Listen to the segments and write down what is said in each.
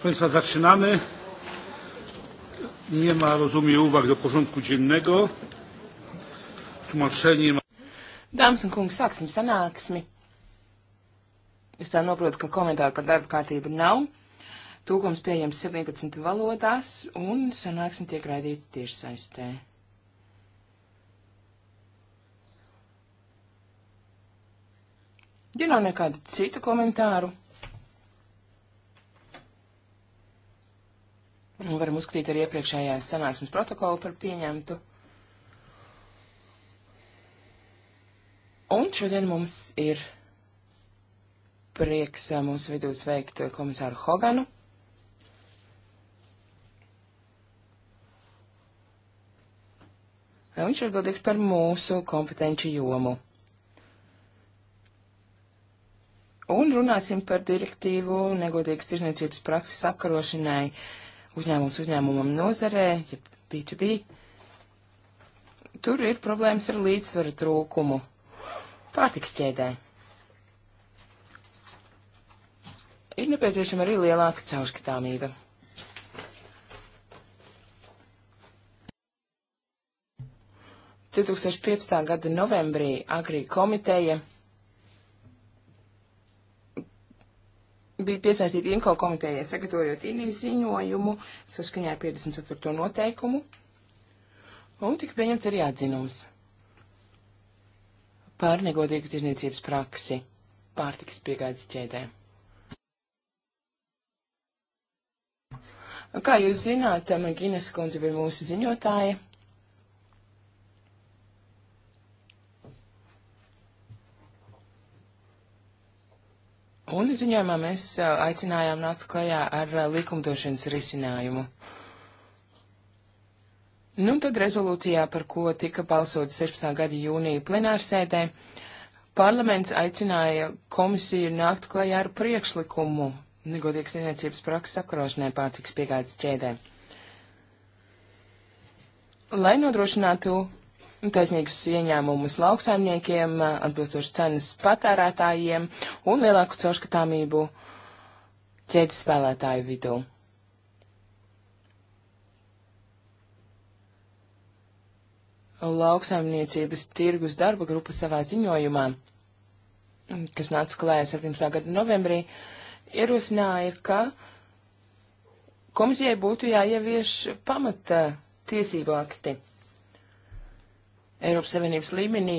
Proszę Państwa, zaczynamy. Nie ma, rozumiem, uwag do porządku dziennego. Tłumaczenie ma... Dāmas un kungi, sāksim sanāksmi. Es tā noprotu, ka komentāru par darba kārtību nav. Tūkums pieejams 17 valodās un sanāksmi tiek raidīta tiešsaistē. Ja nav nekādu citu komentāru, Varam uzskatīt arī iepriekšējās sanāksmes protokolu par pieņemtu. Un šodien mums ir prieks eh, mūsu vidū sveikt eh, komisāru Hoganu. Viņš ir atbildīgs par mūsu kompetenci jomu. Un runāsim par direktīvu negodīgas tirzniecības prakses apkarošanai uzņēmums uzņēmumam nozarē, ja B2B, tur ir problēmas ar līdzsvaru trūkumu pārtiks ķēdē. Ir nepieciešama arī lielāka caurskatāmība. – 2015. gada novembrī Agrī komiteja bija piesaistīti IMCO komitējai, sagatavojot INI ziņojumu saskaņā ar 54. noteikumu, un tika pieņemts arī atzinums par negodīgu tirzniecības praksi pārtikas piegādes ķēdē. Kā jūs zināt, Magīnes kundze bija mūsu ziņotāja. Un ziņojumā mēs aicinājām nākt klajā ar likumdošanas risinājumu. Nu, tad rezolūcijā, par ko tika balsot 16. gada jūnija plenārsēdē, parlaments aicināja komisiju nākt klajā ar priekšlikumu negodīgas tirniecības prakses apkarošanai pārtiks piegādes ķēdē. Lai nodrošinātu taisnīgus ieņēmumus lauksaimniekiem, atbilstošas cenas patērētājiem un lielāku caurskatāmību ķēdes spēlētāju vidū. Lauksaimniecības tirgus darba grupa savā ziņojumā, kas nāca klājā 17. gada novembrī, ierosināja, ka komisijai būtu jāievieš pamata tiesību akti. Eiropas Savienības līmenī,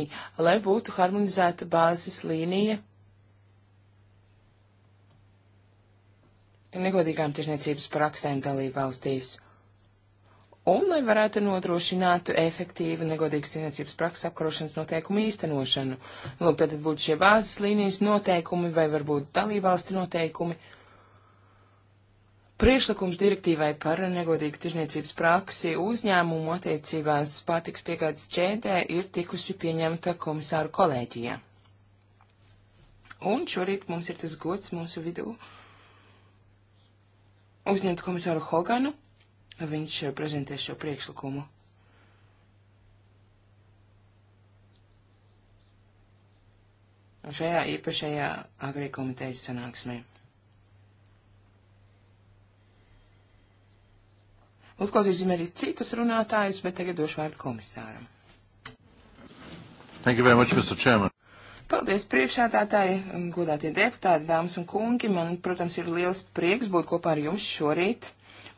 lai būtu harmonizēta bāzes līnija negodīgām tiešniecības praksēm dalību valstīs. Un lai varētu nodrošināt efektīvu negodīgas tiešniecības prakses apkarošanas noteikumu īstenošanu. Lūk, tad būtu šie bāzes līnijas noteikumi vai varbūt dalību valstu noteikumi. Uh, priekšlikums direktīvai par negodīgu tirzniecības praksi uzņēmumu attiecībās pārtiks piegādes ķēdē ir tikusi pieņemta komisāru kolēģijā. Un šorīt mums ir tas gods mūsu vidū uzņemt komisāru Hoganu. Viņš prezentēs šo priekšlikumu. Šajā īpašajā agrī komitejas sanāksmē. Uzklausīsim arī citus runātājus, bet tagad došu vārdu komisāram. Thank you very much, Mr. Chairman. Paldies priekšādātāji, godātie deputāti, dāmas un kungi. Man, protams, ir liels prieks būt kopā ar jums šorīt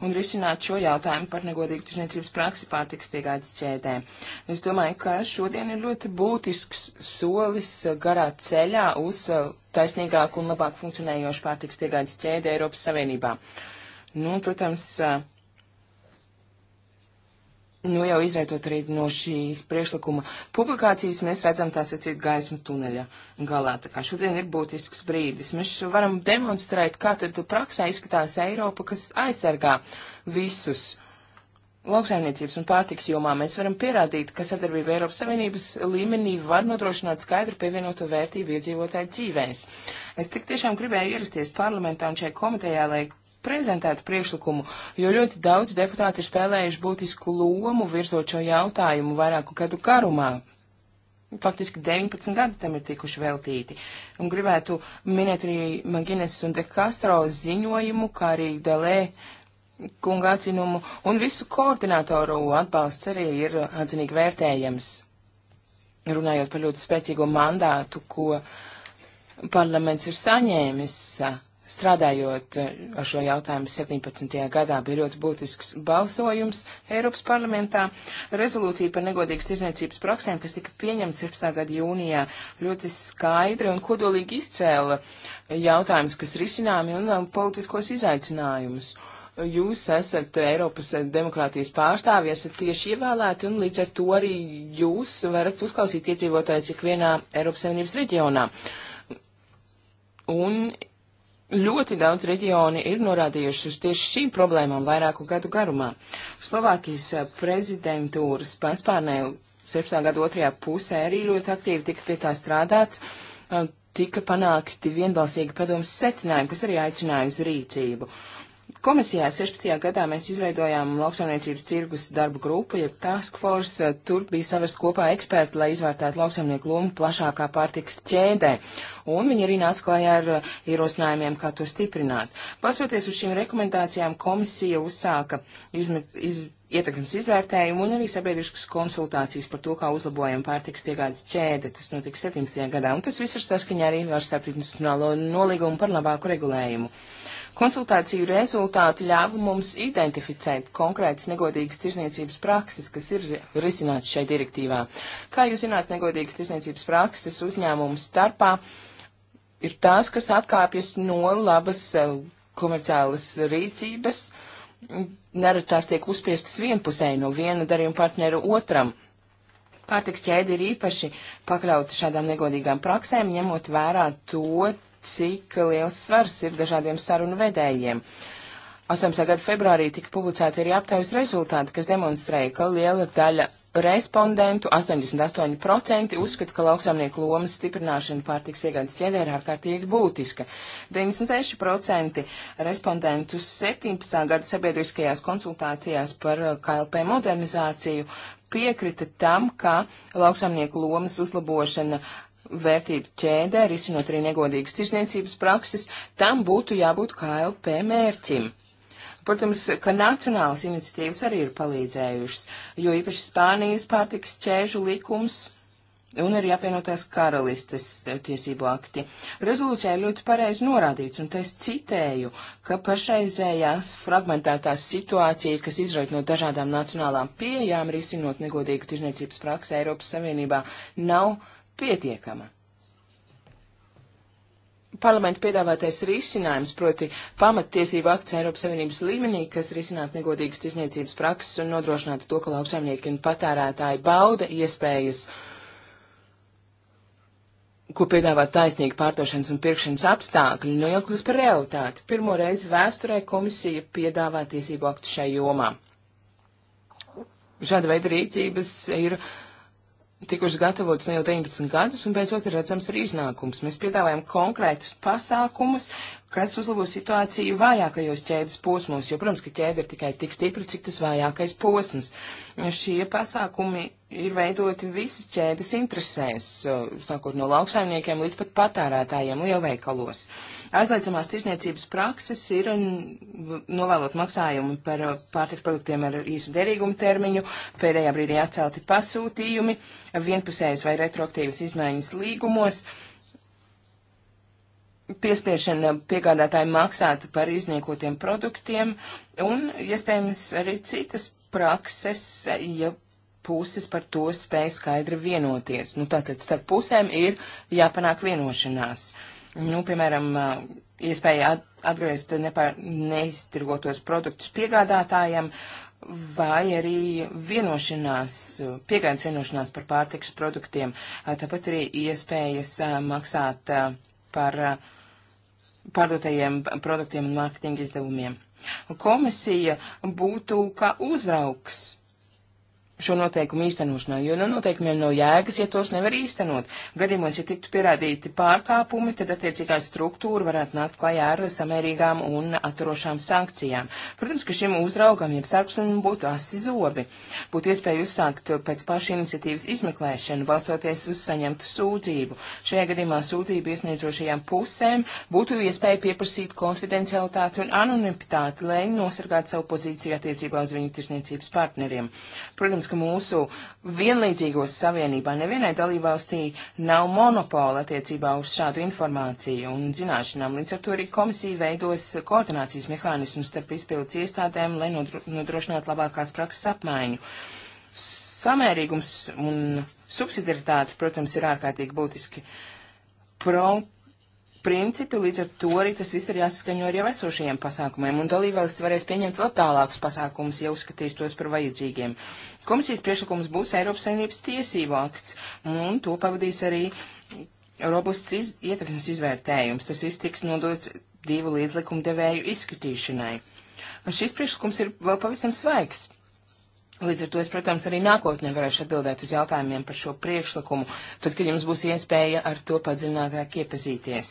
un risināt šo jautājumu par negodīgu tirzniecības praksi pārtiks piegādes ķēdē. Es domāju, ka šodien ir ļoti būtisks solis garā ceļā uz taisnīgāku un labāk funkcionējošu pārtiks piegādes ķēdi Eiropas Savienībā. Nu, protams, uh, nu jau izrietot arī no šīs priekšlikuma publikācijas, mēs redzam tā sacīt gaismu tuneļa galā. Tā kā šodien ir būtisks brīdis. Mēs varam demonstrēt, kā tad praksē izskatās Eiropa, kas aizsargā visus. Lauksaimniecības un pārtiks jomā mēs varam pierādīt, ka sadarbība Eiropas Savienības līmenī var nodrošināt skaidru pievienoto vērtību iedzīvotāju dzīvēs. Es tik tiešām gribēju ierasties parlamentā un šai komitejā, lai prezentētu priekšlikumu, jo ļoti daudz deputāti ir spēlējuši būtisku lomu virzot šo jautājumu vairāku gadu garumā. Faktiski 19 gadi tam ir tikuši veltīti. Un gribētu minēt arī Magines un De Castro ziņojumu, kā arī Dalē kunga atzinumu, un visu koordinātoru atbalsts arī ir atzinīgi vērtējams. Runājot par ļoti spēcīgo mandātu, ko parlaments ir saņēmis Strādājot eh, ar šo jautājumu 17. gadā bija ļoti būtisks balsojums Eiropas parlamentā. Rezolūcija par negodīgas tirzniecības praksēm, kas tika pieņemta 16. gada jūnijā, ļoti skaidri un kodolīgi izcēla jautājumus, kas risināmi un eh, politiskos izaicinājumus. Jūs esat Eiropas demokrātijas pārstāvi, esat tieši ievēlēti un līdz ar to arī jūs varat uzklausīt iedzīvotājus ikvienā Eiropas Savienības reģionā. Un Ļoti daudz reģioni ir norādījuši uz tieši šīm problēmām vairāku gadu garumā. Slovākijas eh, prezidentūras paspārnē 17. gada otrajā pusē arī ļoti aktīvi tika pie tā strādāts, eh, tika panākti vienbalsīgi padomas secinājumi, kas arī aicināja uz rīcību. Komisijā 16. gadā mēs izveidojām lauksaimniecības tirgus darbu grupu, jeb task force. Eh, tur bija savest kopā eksperti, lai izvērtētu lauksaimnieku lomu plašākā pārtikas ķēdē. Un viņi arī nāca klajā ar eh, ierosinājumiem, kā to stiprināt. Pasoties uz šīm rekomendācijām, komisija uzsāka izmet, iz, ietekmes izvērtējumu un arī sabiedriskas konsultācijas par to, kā uzlabojam pārtiks piegādes ķēdi. Tas notiks 17. gadā, un tas viss ir saskaņā arī ar starpinstitucionālo nolīgumu par labāku regulējumu. Konsultāciju rezultāti ļāva mums identificēt konkrētas negodīgas tirzniecības prakses, kas ir risināts šai direktīvā. Kā jūs zināt, negodīgas tirzniecības prakses uzņēmumu starpā ir tās, kas atkāpjas no labas eh, komerciālas rīcības, uh, nerad tās tiek uzspiestas vienpusēji no viena darījuma partneru otram. Pārtiks ķēde ir īpaši pakļauta šādām negodīgām praksēm, ņemot vērā to, cik liels svars ir dažādiem sarunu vedējiem. 18. gada februārī tika publicēti arī aptaujas rezultāti, kas demonstrēja, ka liela daļa respondentu 88% uzskata, ka lauksaimnieku lomas stiprināšana pārtiks piegādes ķēdē ir ārkārtīgi būtiska. 96% respondentu 17. gada sabiedriskajās konsultācijās par eh, KLP modernizāciju piekrita tam, ka lauksaimnieku lomas uzlabošana vērtību ķēdē, risinot arī negodīgas tirzniecības prakses, tam būtu jābūt KLP mērķim. Protams, ka nacionālas iniciatīvas arī ir palīdzējušas, jo īpaši Spānijas pārtikas ķēžu likums un arī apvienotās karalistes tiesību akti. Rezolūcijā ļoti pareizi norādīts, un es citēju, ka pašreizējās fragmentētās situācija, kas izraut no dažādām nacionālām pieejām, risinot negodīgu tirzniecības praksi Eiropas Savienībā, nav pietiekama parlamenta piedāvātais risinājums, proti pamattiesību akts Eiropas Savienības līmenī, kas risinātu negodīgas tirzniecības prakses un nodrošinātu to, ka lauksaimnieki un patērētāji bauda iespējas, ko piedāvā taisnīgi pārdošanas un pirkšanas apstākļi, nu jau kļūst par realitāti. Pirmo reizi vēsturē komisija piedāvā tiesību aktu šai jomā. Šāda veida rīcības ir tikuši gatavotas ne jau 19 gadus, un beidzot ir redzams arī iznākums. Mēs piedāvājam konkrētus pasākumus, kas uzlabo situāciju vājākajos ķēdes posmos, jo, protams, ka ķēde ir tikai tik stipra, cik tas vājākais posms. Šie pasākumi ir veidoti visas ķēdes interesēs, sākot no lauksaimniekiem līdz pat patērētājiem lielveikalos. Aizliedzamās tirzniecības prakses ir novēlot maksājumu par uh, pārtiks produktiem ar īsu derīgumu termiņu, pēdējā brīdī atcelti pasūtījumi, vienpusējas vai retroaktīvas izmaiņas līgumos. Uh, piespiešana piegādātājiem maksāt par izniekotiem produktiem un, iespējams, arī citas prakses, ja puses par to spēj skaidri vienoties. Nu, tātad starp pusēm ir jāpanāk vienošanās. Nu, piemēram, iespēja atgriezt nepār, neiztirgotos produktus piegādātājiem vai arī vienošanās, piegādes vienošanās par pārtikas produktiem, tāpat arī iespējas maksāt par uh, pārdotajiem produktiem un mārketinga izdevumiem. Komisija būtu kā uzraugs šo noteikumu īstenošanā, jo no nu, noteikumiem nav jēgas, ja tos nevar īstenot. Gadījumos, ja tiktu pierādīti pārkāpumi, tad attiecīgā struktūra varētu nākt klajā ar samērīgām un atturošām sankcijām. Protams, ka šim uzraugam, jeb sarkšanam būtu asi zobi. Būtu iespēja uzsākt pēc paša iniciatīvas izmeklēšanu, balstoties uz saņemtu sūdzību. Šajā gadījumā sūdzību iesniedzošajām pusēm būtu iespēja pieprasīt konfidencialitāti un anonimitāti, lai nosargātu savu pozīciju attiecībā uz viņu tirsniecības partneriem. Protams, Protams, ka mūsu vienlīdzīgos savienībā nevienai dalībvalstī nav monopola attiecībā uz šādu informāciju un zināšanām. Līdz ar to arī komisija veidos koordinācijas mehānismus starp izpildes iestādēm, lai nodrošinātu labākās prakses apmaiņu. Samērīgums un subsidiaritāte, protams, ir ārkārtīgi būtiski pro principi, līdz ar to arī tas viss ir jāsaskaņo ar jau esošajiem pasākumiem, un dalībvalsts varēs pieņemt vēl tālākus pasākumus, ja uzskatīs tos par vajadzīgiem. Komisijas priekšlikums būs Eiropas saimnības tiesību akts, un to pavadīs arī robusts iz, ietekmes izvērtējums. Tas viss tiks nodots divu līdzlikumu devēju izskatīšanai. Un šis priekšlikums ir vēl pavisam svaigs. Līdz ar to es, protams, arī nākotnē varēšu atbildēt uz jautājumiem par šo priekšlikumu, tad, kad jums būs iespēja ar to padziļinātāk iepazīties.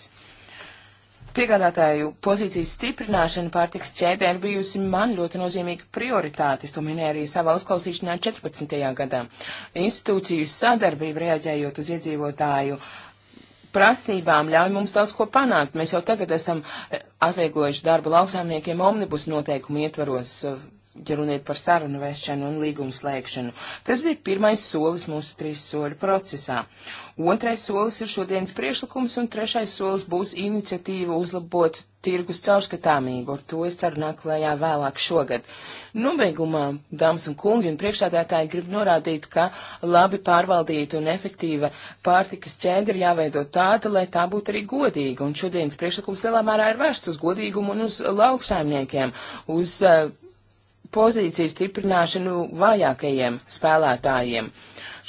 Piegādātāju pozīcijas stiprināšana pārtiks ķēdē ir bijusi man ļoti nozīmīga prioritāte. Es to minēju arī savā uzklausīšanā 14. gadā. Institūciju sadarbība reaģējot uz iedzīvotāju prasībām ļauj mums daudz ko panākt. Mēs jau tagad esam eh, atvieglojuši darbu lauksaimniekiem omnibus noteikumu ietvaros eh, ja runiet par sarunu vešanu un līgumu slēgšanu. Tas bija pirmais solis mūsu trīs soļu procesā. Otrais solis ir šodienas priešlikums, un trešais solis būs iniciatīva uzlabot tirgus caurskatāmību. Ar to es ceru nāk lējā vēlāk šogad. Nobeigumā, dāmas un kungi un priekšādātāji, grib norādīt, ka labi pārvaldīta un efektīva pārtikas ķēde ir jāveido tāda, lai tā būtu arī godīga. Un šodienas priekšlikums lielā mērā ir vērsts uz godīgumu un uz lauksaimniekiem, uz uh, pozīciju stiprināšanu vājākajiem spēlētājiem.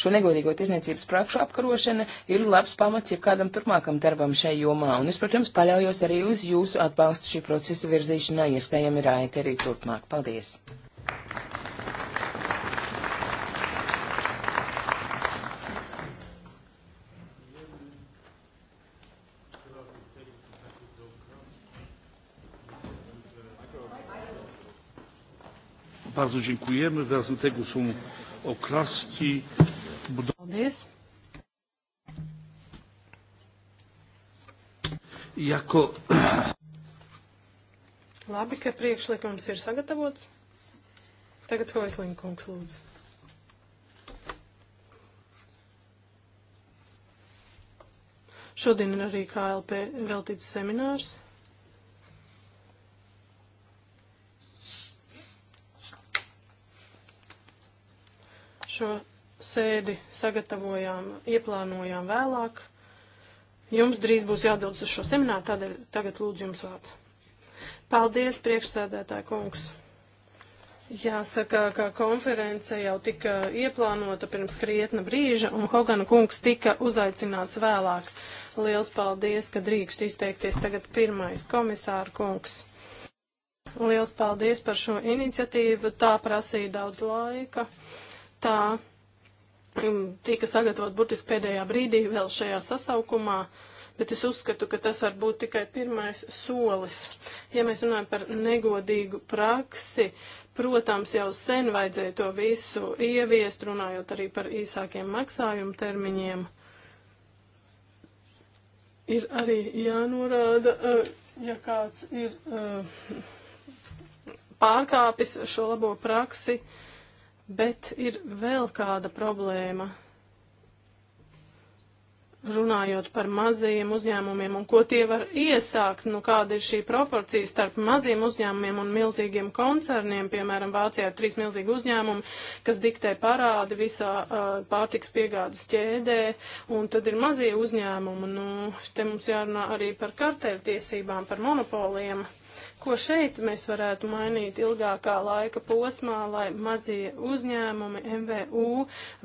Šo negodīgo tirzniecības prakšu apkarošana ir labs pamats jebkādam turpmākam darbam šai jomā, un es, protams, paļaujos arī uz jūsu atbalstu šī procesa virzīšanā, iespējami rāja arī turpmāk. Paldies! Bardzo dziękujemy. Wyrazem tego są oklaski. Paldies. Jako... Labi, ka priekšlikums ir sagatavots. Tagad Hoislīna kungs lūdzu. Šodien ir arī KLP veltīts seminārs. šo sēdi sagatavojām, ieplānojām vēlāk. Jums drīz būs jādodas uz šo semināru, tādēļ tagad lūdzu jums vārds. Paldies, priekšsēdētāja kungs. Jāsaka, ka konference jau tika ieplānota pirms krietna brīža, un Hogana kungs tika uzaicināts vēlāk. Liels paldies, ka drīkst izteikties tagad pirmais komisāra kungs. Liels paldies par šo iniciatīvu, tā prasīja daudz laika. Uh, martā tika sagatavot burtiski pēdējā brīdī vēl šajā sasaukumā, bet es uzskatu, ka tas var būt tikai pirmais solis. Ja mēs runājam par negodīgu praksi, protams, jau sen vajadzēja to visu ieviest, runājot arī par īsākiem maksājumu termiņiem. Ir arī jānorāda, eh, ja kāds ir eh, pārkāpis šo labo praksi, uh, Bet ir vēl kāda problēma. Runājot par mazajiem uzņēmumiem un ko tie var iesākt, nu kāda ir šī proporcija starp maziem uzņēmumiem un milzīgiem koncerniem, piemēram, Vācijā ir trīs milzīgi uzņēmumi, kas diktē parādi visā uh, pārtiks piegādes ķēdē, un tad ir mazie uzņēmumi, nu, te mums jārunā arī par kartēļtiesībām, par monopoliem. Uh, Ko šeit mēs varētu mainīt ilgākā laika posmā, lai mazie uzņēmumi MVU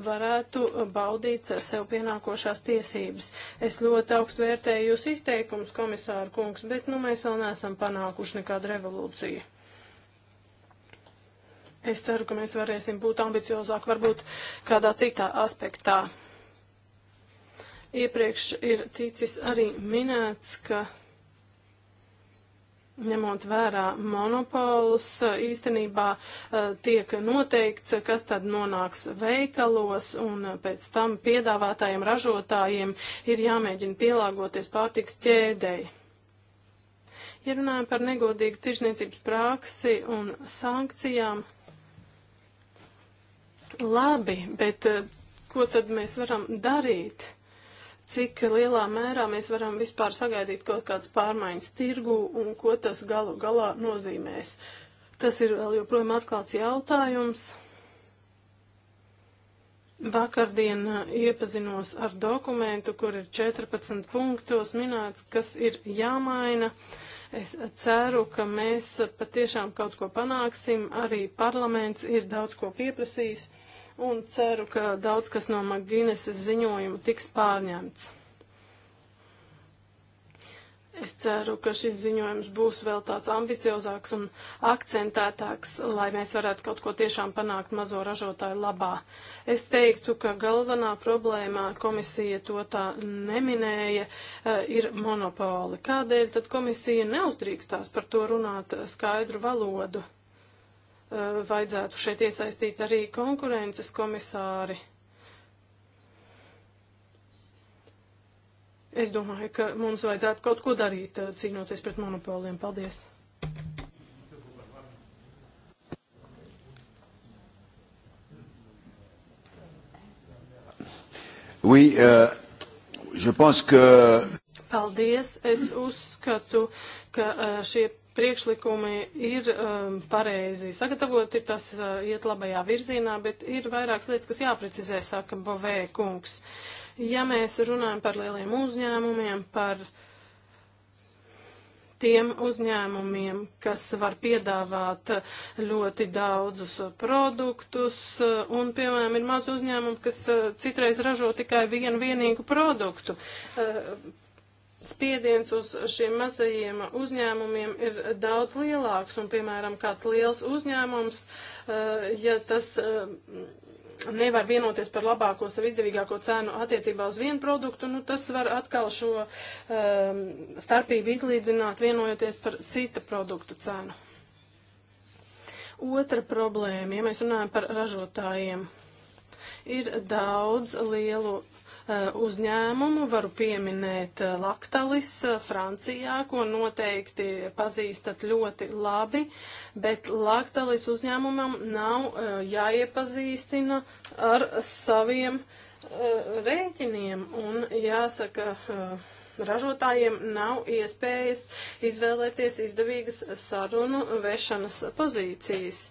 varētu baudīt sev pienākošās tiesības? Es ļoti augstu vērtēju jūs izteikums, komisāra kungs, bet nu mēs vēl neesam panākuši nekādu revolūciju. Es ceru, ka mēs varēsim būt ambiciozāk, varbūt kādā citā aspektā. Iepriekš ir ticis arī minēts, ka ņemot vērā monopolus, īstenībā eh, tiek noteikts, kas tad nonāks veikalos, un pēc tam piedāvātājiem ražotājiem ir jāmēģina pielāgoties pārtiks ķēdēji. Ja runājam par negodīgu tirzniecības praksi un sankcijām, labi, bet eh, ko tad mēs varam darīt? cik lielā mērā mēs varam vispār sagaidīt kaut kādas pārmaiņas tirgu un ko tas galu galā nozīmēs. Tas ir vēl joprojām atklāts jautājums. Vakardien uh, iepazinos ar dokumentu, kur ir 14 punktos minēts, kas ir jāmaina. Es ceru, ka mēs patiešām kaut ko panāksim. Arī parlaments ir daudz ko pieprasījis un ceru, ka daudz kas no Magineses ziņojuma tiks pārņemts. Es ceru, ka šis ziņojums būs vēl tāds ambiciozāks un akcentētāks, lai mēs varētu kaut ko tiešām panākt mazo ražotāju labā. Es teiktu, ka galvenā problēmā komisija to tā neminēja, e, ir monopoli. Kādēļ tad komisija neuzdrīkstās par to runāt skaidru valodu? Eh, vajadzētu šeit iesaistīt arī konkurences komisāri. Es domāju, ka mums vajadzētu kaut ko darīt, eh, cīnoties pret monopoliem. Paldies! Oui, euh, je pense que... Paldies! Es uzskatu, ka eh, šie priekšlikumi ir um, pareizi sagatavoti, tas uh, iet labajā virzienā, bet ir vairākas lietas, kas jāprecizē, saka Bovē kungs. Ja mēs runājam par lieliem uzņēmumiem, par tiem uzņēmumiem, kas var piedāvāt ļoti daudzus produktus, uh, un, piemēram, ir maz uzņēmumi, kas uh, citreiz ražo tikai vienu vienīgu produktu. Uh, spiediens uz šiem mazajiem uzņēmumiem ir daudz lielāks, un, piemēram, kāds liels uzņēmums, eh, ja tas eh, nevar vienoties par labāko, sev izdevīgāko cenu attiecībā uz vienu produktu, nu, tas var atkal šo eh, starpību izlīdzināt, vienojoties par cita produktu cenu. Otra problēma, ja mēs runājam par ražotājiem, ir daudz lielu Eh, uzņēmumu. Varu pieminēt eh, Laktalis eh, Francijā, ko noteikti pazīstat ļoti labi, bet Laktalis uzņēmumam nav jāiepazīstina ar saviem rēķiniem un jāsaka ražotājiem nav iespējas izvēlēties izdevīgas sarunu vešanas pozīcijas.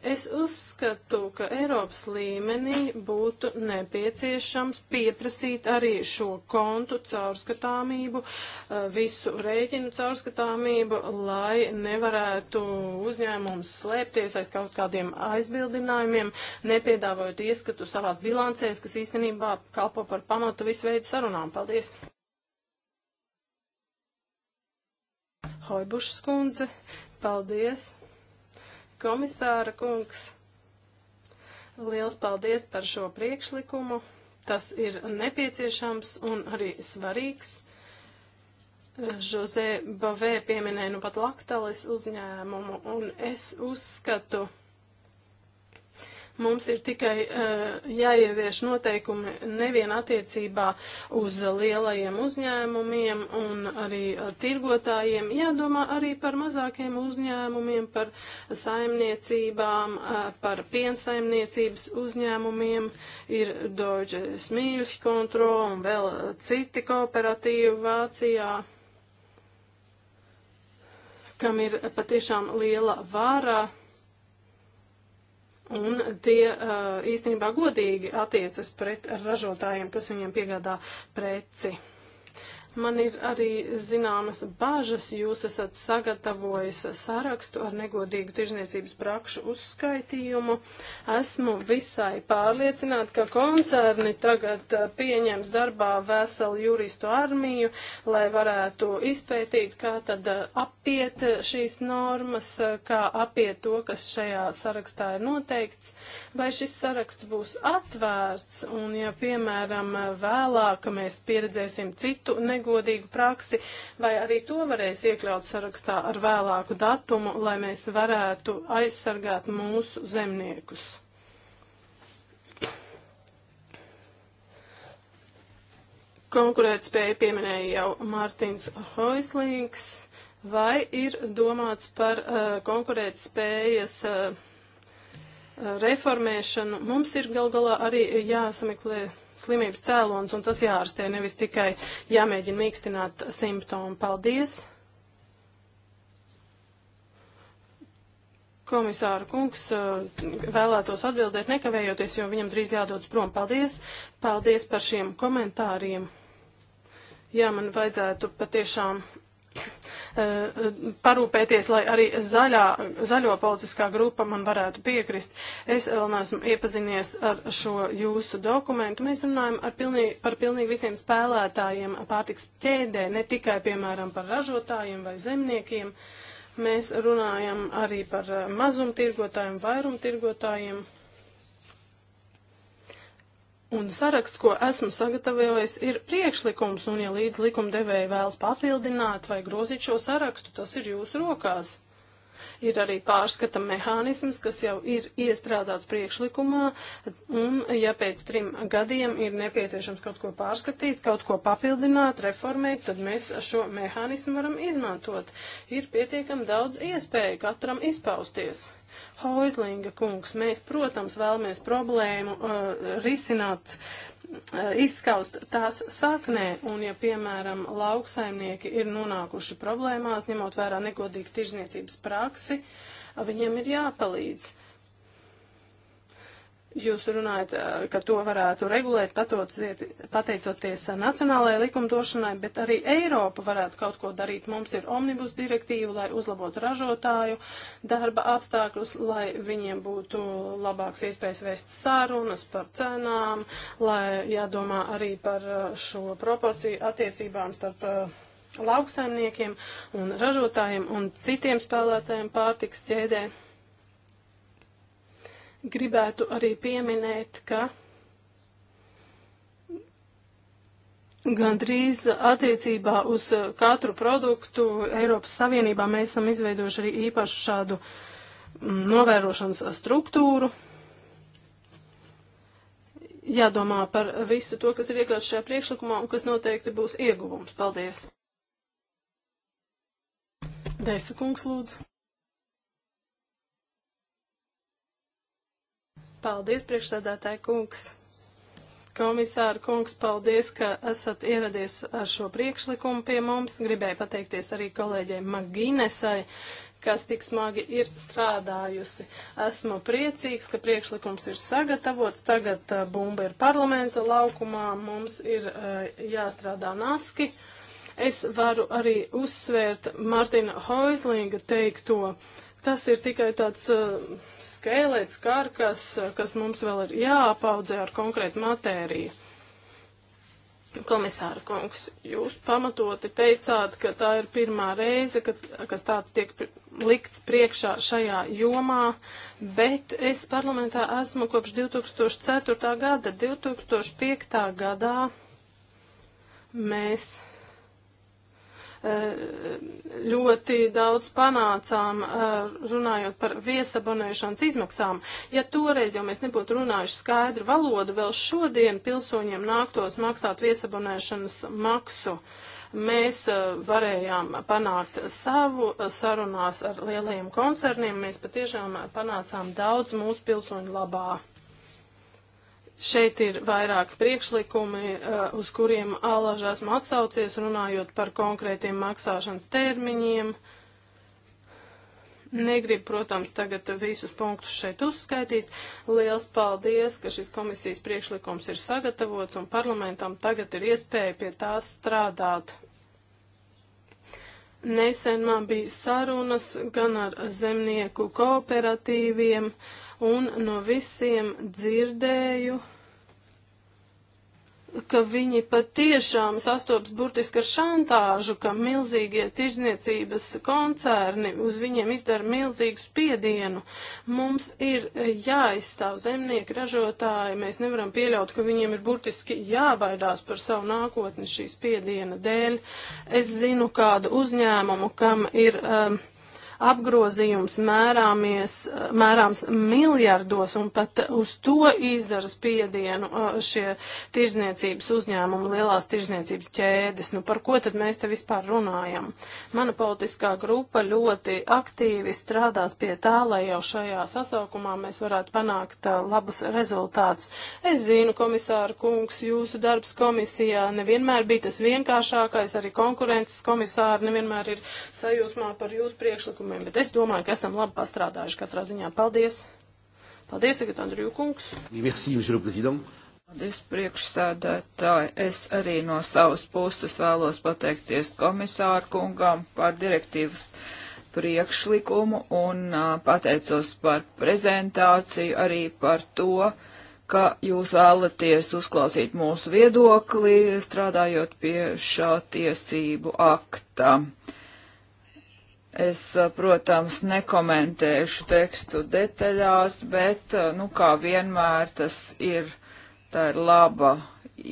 Es uzskatu, ka Eiropas līmenī būtu nepieciešams pieprasīt arī šo kontu caurskatāmību, eh, visu rēķinu caurskatāmību, lai nevarētu uzņēmums slēpties aiz kaut kādiem aizbildinājumiem, nepiedāvojot ieskatu savās bilancēs, kas īstenībā kalpo par pamatu visu veidu sarunām. Paldies! Hoibušs kundze, paldies! Komisāra kungs, liels paldies par šo priekšlikumu. Tas ir nepieciešams un arī svarīgs. Žozē Bavē pieminēja nu pat Laktalis uzņēmumu, un es uzskatu, Mums ir tikai uh, jāievieš noteikumi nevien attiecībā uz lielajiem uzņēmumiem un arī uh, tirgotājiem, jādomā arī par mazākiem uzņēmumiem, par saimniecībām, uh, par piensaimniecības uzņēmumiem, ir Deutsche Smilchkontro un vēl citi kooperatīvi Vācijā kam ir patiešām liela vārā Un tie īstenībā godīgi attiecas pret ražotājiem, kas viņiem piegādā preci. Man ir arī zināmas bažas, jūs esat sagatavojis sarakstu ar negodīgu tirzniecības prakšu uzskaitījumu. Esmu visai pārliecināta, ka koncerni tagad eh, pieņems darbā veselu juristu armiju, lai varētu izpētīt, kā tad eh, apiet šīs normas, eh, kā apiet to, kas šajā sarakstā ir noteikts, vai šis saraksts būs atvērts, un ja, piemēram, vēlāk mēs pieredzēsim citu negodīgu, negodīgu praksi, vai arī to varēs iekļaut sarakstā ar vēlāku datumu, lai mēs varētu aizsargāt mūsu zemniekus. Konkurētspēju pieminēja jau Mārtiņš Hoislings. Vai ir domāts par uh, konkurētspējas uh, uh reformēšanu? Mums ir gal galā arī jāsameklē slimības cēlons, un tas jārastē, nevis tikai jāmēģina mīkstināt simptomu. Paldies! Komisāra kungs uh, vēlētos atbildēt nekavējoties, jo viņam drīz jādodas prom. Paldies! Paldies par šiem komentāriem! Jā, man vajadzētu patiešām Eh, parūpēties, lai arī zaļā, zaļo politiskā grupa man varētu piekrist. Es vēl neesmu iepazinies ar šo jūsu dokumentu. Mēs runājam ar pilnīgi, par pilnīgi visiem spēlētājiem pārtiks ķēdē, ne tikai, piemēram, par ražotājiem vai zemniekiem. Mēs runājam arī par eh, mazumtirgotājiem, vairumtirgotājiem. Vairumtirgotājiem Un saraksts, ko esmu sagatavojis, ir priekšlikums, un ja līdz likumdevēja vēlas papildināt vai grozīt šo sarakstu, tas ir jūsu rokās. Ir arī pārskata mehānisms, kas jau ir iestrādāts priekšlikumā, un ja pēc trim gadiem ir nepieciešams kaut ko pārskatīt, kaut ko papildināt, reformēt, tad mēs šo mehānismu varam izmantot. Ir pietiekam daudz iespēju katram izpausties. Hoizlinga kungs, mēs, protams, vēlamies problēmu uh, risināt Eh, izskaust tās saknē, un ja, piemēram, lauksaimnieki ir nonākuši problēmās, ņemot vērā negodīgu tirzniecības praksi, viņiem ir jāpalīdz. Jūs runājat, ka to varētu regulēt pateicoties nacionālajai likumdošanai, bet arī Eiropa varētu kaut ko darīt. Mums ir omnibus direktīva, lai uzlabotu ražotāju darba apstākļus, lai viņiem būtu labāks iespējas vēst sarunas par cenām, lai jādomā arī par šo proporciju attiecībām starp lauksaimniekiem un ražotājiem un citiem spēlētājiem pārtiks ķēdē. Gribētu arī pieminēt, ka Gandrīz attiecībā uz katru produktu Eiropas Savienībā mēs esam izveidojuši arī īpašu šādu mm, novērošanas struktūru. Jādomā par visu to, kas ir iekļauts šajā priekšlikumā un kas noteikti būs ieguvums. Paldies! Desa kungs lūdzu. Paldies, priekšsēdētāji kungs! Komisāra kungs, paldies, ka esat ieradies ar šo priekšlikumu pie mums. Gribēju pateikties arī kolēģiem Maginesai, kas tik smagi ir strādājusi. Esmu priecīgs, ka priekšlikums ir sagatavots. Tagad uh, bumba ir parlamenta laukumā. Mums ir uh, jāstrādā naski. Es varu arī uzsvērt Martina Hoizlinga teikto. Uh, Tas ir tikai tāds uh, skēlēts karkas, uh, kas mums vēl ir jāapaudzē ar konkrētu matēriju. Komisāra kungs, jūs pamatoti teicāt, ka tā ir pirmā reize, kad, kas tāds tiek likts priekšā šajā jomā, bet es parlamentā esmu kopš 2004. gada, 2005. gadā mēs Eh, ļoti daudz panācām eh, runājot par viesabonēšanas izmaksām. Ja toreiz jau mēs nebūtu runājuši skaidru valodu, vēl šodien pilsoņiem nāktos maksāt viesabonēšanas maksu. Mēs eh, varējām panākt savu sarunās ar lielajiem koncerniem. Mēs patiešām panācām daudz mūsu pilsoņu labā. Šeit ir vairāki priekšlikumi, eh, uz kuriem alažās atsaucies, runājot par konkrētiem maksāšanas termiņiem. Negribu, protams, tagad visus punktus šeit uzskaitīt. Liels paldies, ka šis komisijas priekšlikums ir sagatavots un parlamentam tagad ir iespēja pie tā strādāt. Nesen man bija sarunas gan ar zemnieku kooperatīviem, un no visiem dzirdēju, ka viņi patiešām sastopas burtiski ar šantāžu, ka milzīgie tirzniecības koncerni uz viņiem izdara milzīgu spiedienu. Mums ir jāizstāv zemnieki ražotāji, mēs nevaram pieļaut, ka viņiem ir burtiski jābaidās par savu nākotni šī spiediena dēļ. Es zinu kādu uzņēmumu, kam ir. Um, apgrozījums mērāms miljardos un pat uz to izdara spiedienu uh, šie tirzniecības uzņēmumi, lielās tirzniecības ķēdes. Nu, par ko tad mēs te vispār runājam? Mana politiskā grupa ļoti aktīvi strādās pie tā, lai jau šajā sasaukumā mēs varētu panākt uh, labus rezultātus. Es zinu, komisāra kungs, jūsu darbs komisijā nevienmēr bija tas vienkāršākais, arī konkurences komisāri nevienmēr ir sajūsmā par jūsu priekšlikumu noteikumiem, bet es domāju, ka esam labi pastrādājuši katrā ziņā. Paldies! Paldies, tagad Andriju kungs! Merci, monsieur le président! Paldies, priekšsēdētāji. Es arī no savas puses vēlos pateikties komisāru kungam par direktīvas priekšlikumu un uh, pateicos par prezentāciju, arī par to, ka jūs vēlaties uzklausīt mūsu viedokli, strādājot pie šā tiesību akta. Uh, Es, eh, protams, nekomentēšu tekstu detaļās, bet, eh, nu, kā vienmēr, tas ir, tā ir laba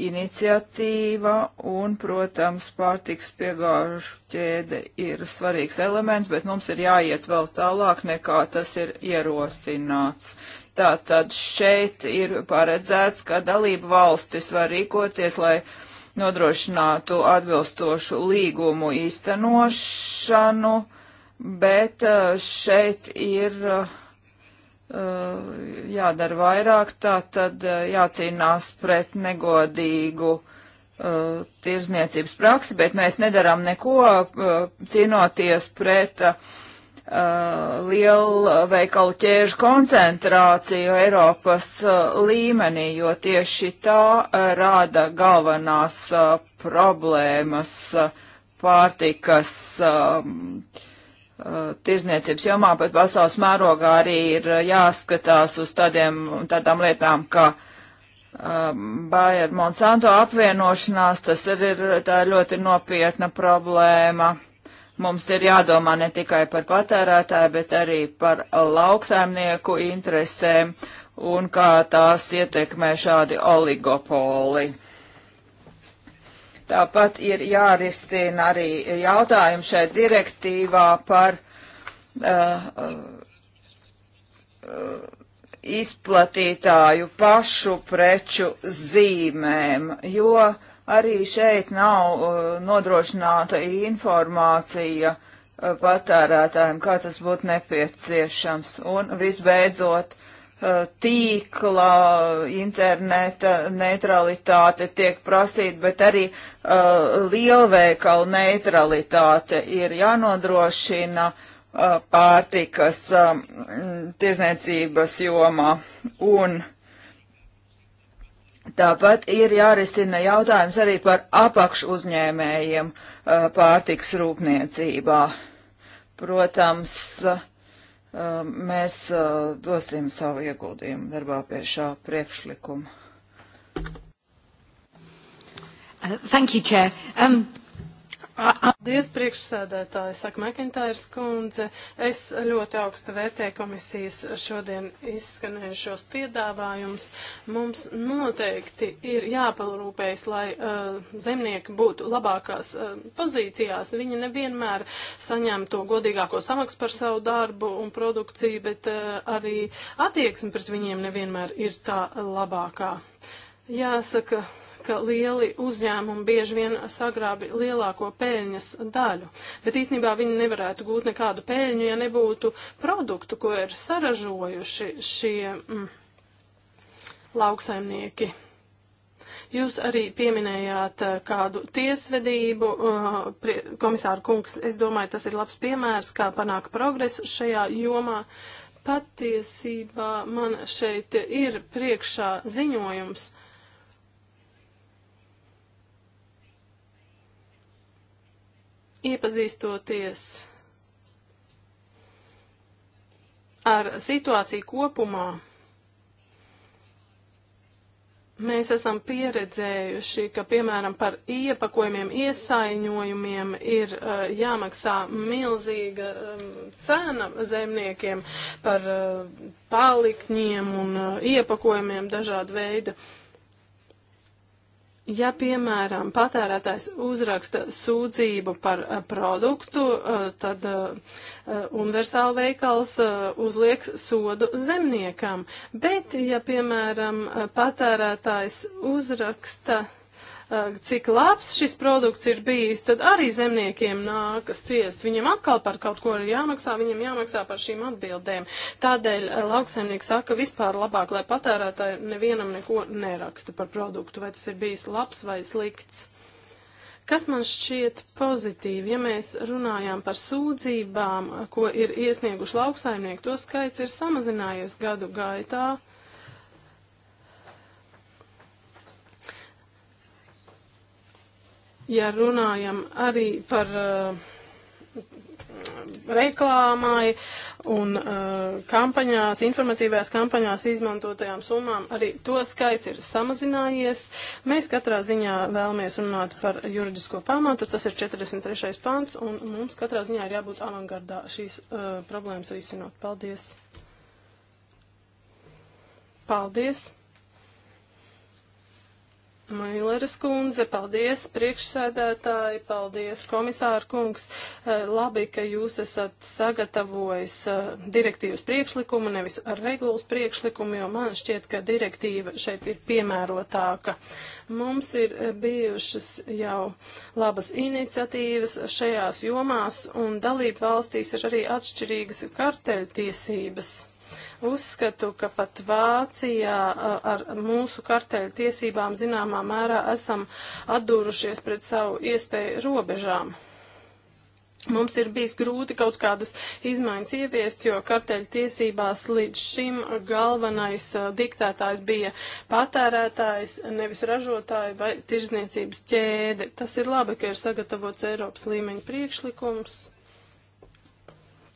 iniciatīva un, protams, pārtiks piegāžu ķēde ir svarīgs elements, bet mums ir jāiet vēl tālāk nekā tas ir ierosināts. Tātad šeit ir paredzēts, ka dalība valstis var rīkoties, lai nodrošinātu atbilstošu līgumu īstenošanu bet uh, šeit ir uh, uh, jādara vairāk, tā tad jācīnās pret negodīgu tirzniecības praksi, bet mēs nedarām neko cīnoties pret lielveikalu ķēžu koncentrāciju Eiropas līmenī, jo tieši tā rāda galvenās problēmas pārtikas um, Uh, tirzniecības jomā, bet pasaules mērogā arī ir uh, jāskatās uz tādiem, tādām lietām, kā um, Bayer Monsanto apvienošanās, tas arī ir tā ļoti nopietna problēma. Mums ir jādomā ne tikai par patērētāju, bet arī par lauksaimnieku interesēm un kā tās ietekmē šādi oligopoli. Tāpat ir jārisina arī jautājumi šai direktīvā par uh, uh, izplatītāju pašu preču zīmēm, jo arī šeit nav uh, nodrošināta informācija uh, patērētājiem, kā tas būtu nepieciešams. Un visbeidzot, uh, Eh, tīkla, interneta neutralitāte tiek prasīta, bet arī uh, lielveikalu neutralitāte ir jānodrošina uh, pārtikas um, tirzniecības jomā. Un tāpat ir jārisina jautājums arī par apakšu uzņēmējiem uh, pārtikas rūpniecībā. Protams, uh, Um, mēs uh, dosim savu ieguldījumu darbā pie šā priekšlikuma. Uh, thank you, Chair. Um, Paldies, priekšsēdētāji, saka Mekintājas kundze. Es ļoti augstu vērtēju komisijas šodien izskanējušos piedāvājumus. Mums noteikti ir jāpalrūpējas, lai uh, zemnieki būtu labākās uh, pozīcijās. Viņi nevienmēr saņem to godīgāko samaksu par savu darbu un produkciju, bet uh, arī attieksme pret viņiem nevienmēr ir tā labākā. Jāsaka. Uh, ka lieli uzņēmumi bieži vien sagrābi lielāko peļņas daļu, bet īstenībā viņi nevarētu gūt nekādu peļņu, ja nebūtu produktu, ko ir saražojuši šie mm, lauksaimnieki. Jūs arī pieminējāt eh, kādu tiesvedību, eh, komisāra kungs, es domāju, tas ir labs piemērs, kā panāk progresu šajā jomā patiesībā man šeit ir priekšā ziņojums, uh, Iepazīstoties ar situāciju kopumā, mēs esam pieredzējuši, ka, piemēram, par iepakojumiem, iesaiņojumiem ir uh, jāmaksā milzīga um, cena zemniekiem par uh, palikņiem un uh, iepakojumiem dažāda veida. Uh, Ja, piemēram, patērētājs uzraksta sūdzību par eh, produktu, eh, tad eh, universāla veikals uzliek sodu zemniekam. Bet, ja, piemēram, patērētājs uzraksta Eh, cik labs šis produkts ir bijis, tad arī zemniekiem nākas ciest. Viņam atkal par kaut ko ir jāmaksā, viņam jāmaksā par šīm atbildēm. Tādēļ eh, lauksaimnieks saka, vispār labāk, lai patērētāji nevienam neko neraksta par produktu, vai tas ir bijis labs vai slikts. Kas man šķiet pozitīvi, ja mēs runājām par sūdzībām, ko ir iesnieguši lauksaimnieki, to skaits ir samazinājies gadu gaitā. Ja runājam arī par uh, reklāmai un uh, kampaņās, informatīvajās kampaņās izmantotajām summām arī to skaits ir samazinājies. Mēs katrā ziņā vēlamies runāt par juridisko pamatu, tas ir 43. pants, un mums katrā ziņā ir jābūt avangardā šīs uh, problēmas risinot. Paldies! Paldies! Maileres kundze, paldies priekšsēdētāji, paldies komisāra kungs. Eh, labi, ka jūs esat sagatavojis eh, direktīvas priekšlikumu, nevis regulas priekšlikumu, jo man šķiet, ka direktīva šeit ir piemērotāka. Mums ir eh, bijušas jau labas iniciatīvas šajās jomās, un dalību valstīs ir arī atšķirīgas karteļtiesības. tiesības. Uzskatu, ka pat Vācijā ar mūsu karteļu tiesībām zināmā mērā esam atdūrušies pret savu iespēju robežām. Mums ir bijis grūti kaut kādas izmaiņas ieviest, jo karteļu tiesībās līdz šim galvenais diktētājs bija patērētājs, nevis ražotāji vai tirzniecības ķēde. Tas ir labi, ka ir sagatavots Eiropas līmeņa priekšlikums.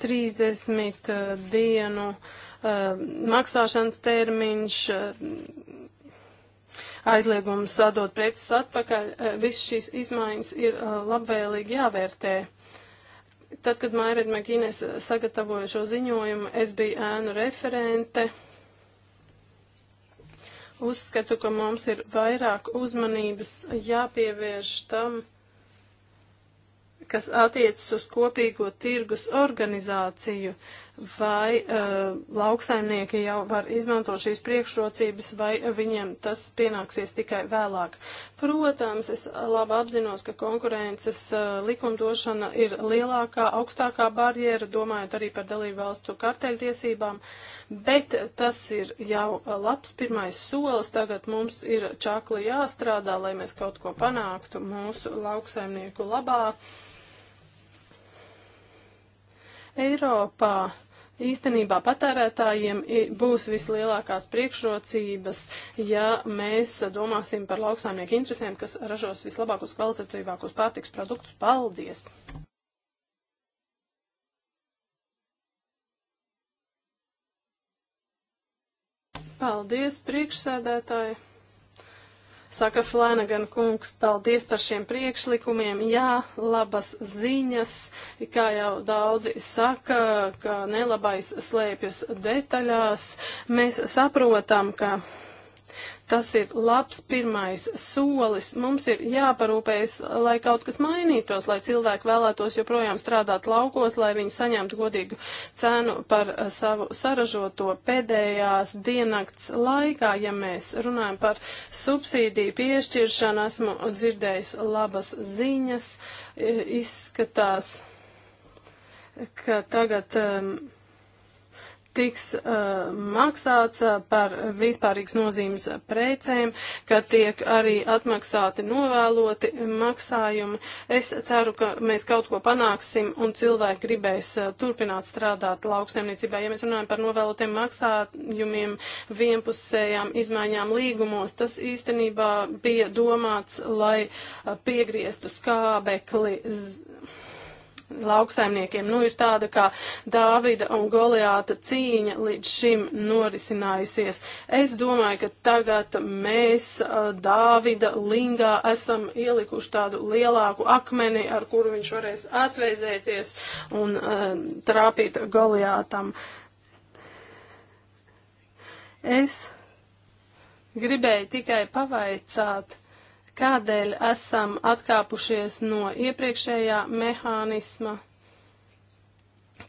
30 dienu uh, Eh, maksāšanas termiņš, eh, aizliegums sadot preces atpakaļ, eh, viss šīs izmaiņas ir labvēlīgi jāvērtē. Tad, kad Mairēd Makīnes sagatavoja šo ziņojumu, es biju ēnu referente. Uzskatu, ka mums ir vairāk uzmanības jāpievērš tam, kas attiecas uz kopīgo tirgus organizāciju. Uh, vai uh, lauksaimnieki jau var izmantot šīs priekšrocības, vai viņiem tas pienāksies tikai vēlāk. Protams, es labi apzinos, ka konkurences uh, likumdošana ir lielākā, augstākā barjera, domājot arī par dalību valstu karteļtiesībām, bet tas ir jau labs pirmais solis. Tagad mums ir čakli jāstrādā, lai mēs kaut ko panāktu mūsu lauksaimnieku labā. Uh, Eiropā īstenībā patērētājiem būs vislielākās priekšrocības, ja mēs domāsim par lauksaimnieku interesēm, kas ražos vislabākos kvalitatīvākos pārtiks produktus. Paldies! Paldies, priekšsēdētāji! Saka Flanagan kungs, paldies par šiem priekšlikumiem. Jā, labas ziņas, kā jau daudzi saka, ka nelabais slēpjas detaļās. Mēs saprotam, ka Tas ir labs pirmais solis. Mums ir jāparūpējas, lai kaut kas mainītos, lai cilvēki vēlētos joprojām strādāt laukos, lai viņi saņemtu godīgu cenu par eh, savu saražoto pēdējās diennakts laikā. Ja mēs runājam par subsīdiju piešķiršanu, esmu dzirdējis labas ziņas. Eh, izskatās, ka tagad. Um, tiks uh, maksāts uh, par vispārīgas nozīmes precēm, ka tiek arī atmaksāti novēloti maksājumi. Es ceru, ka mēs kaut ko panāksim un cilvēki gribēs uh, turpināt strādāt lauksaimniecībā. Ja mēs runājam par novēlotiem maksājumiem, vienpusējām izmaiņām līgumos, tas īstenībā bija domāts, lai uh, piegrieztu skābekli. Z lauksaimniekiem. Nu, ir tāda kā Dāvida un Goliāta cīņa līdz šim norisinājusies. Es domāju, ka tagad mēs Dāvida lingā esam ielikuši tādu lielāku akmeni, ar kuru viņš varēs atveizēties un uh, trāpīt Goliātam. Es gribēju tikai pavaicāt kādēļ esam atkāpušies no iepriekšējā mehānisma,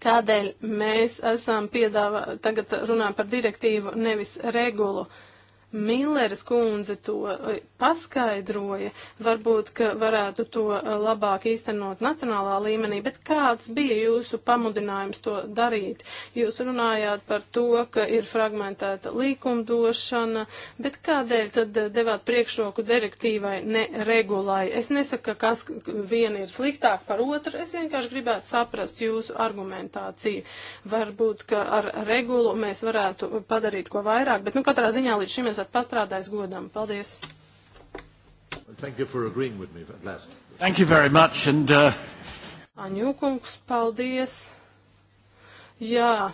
kādēļ mēs esam piedāvā, tagad runājam par direktīvu, nevis regulu. Uh, Milleres kundze to paskaidroja, varbūt, ka varētu to labāk īstenot nacionālā līmenī, bet kāds bija jūsu pamudinājums to darīt? Jūs runājāt par to, ka ir fragmentēta līkumdošana, bet kādēļ tad devāt priekšroku direktīvai ne regulai? Es nesaku, ka kas viena ir sliktāk par otru, es vienkārši gribētu saprast jūsu argumentāciju. Varbūt, ka ar regulu mēs varētu padarīt ko vairāk, bet, nu, katrā ziņā līdz šim es esat pastrādājis godam. Paldies! Thank you for agreeing with me at last. Thank you very much and... Uh... Aņūkungs, paldies! Jā,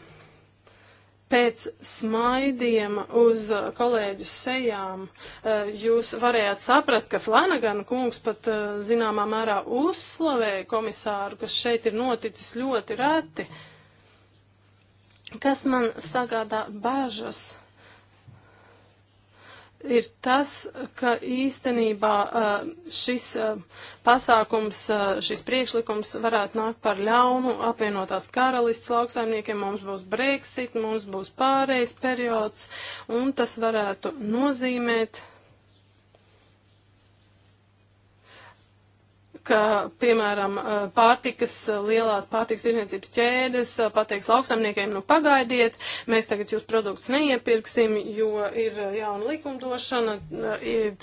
pēc smaidiem uz uh, kolēģu sejām uh, jūs varējāt saprast, ka Flanagan kungs pat uh, zināmā mērā uzslavēja komisāru, kas šeit ir noticis ļoti reti. Kas man sagādā bažas? ir tas, ka īstenībā uh, šis uh, pasākums, uh, šis priekšlikums varētu nākt par ļaunu apvienotās karalists lauksaimniekiem, mums būs Brexit, mums būs pārējais periods, un tas varētu nozīmēt, ka, piemēram, pārtikas, lielās pārtikas tirniecības ķēdes pateiks lauksaimniekiem, nu pagaidiet, mēs tagad jūs produktus neiepirksim, jo ir jauna likumdošana,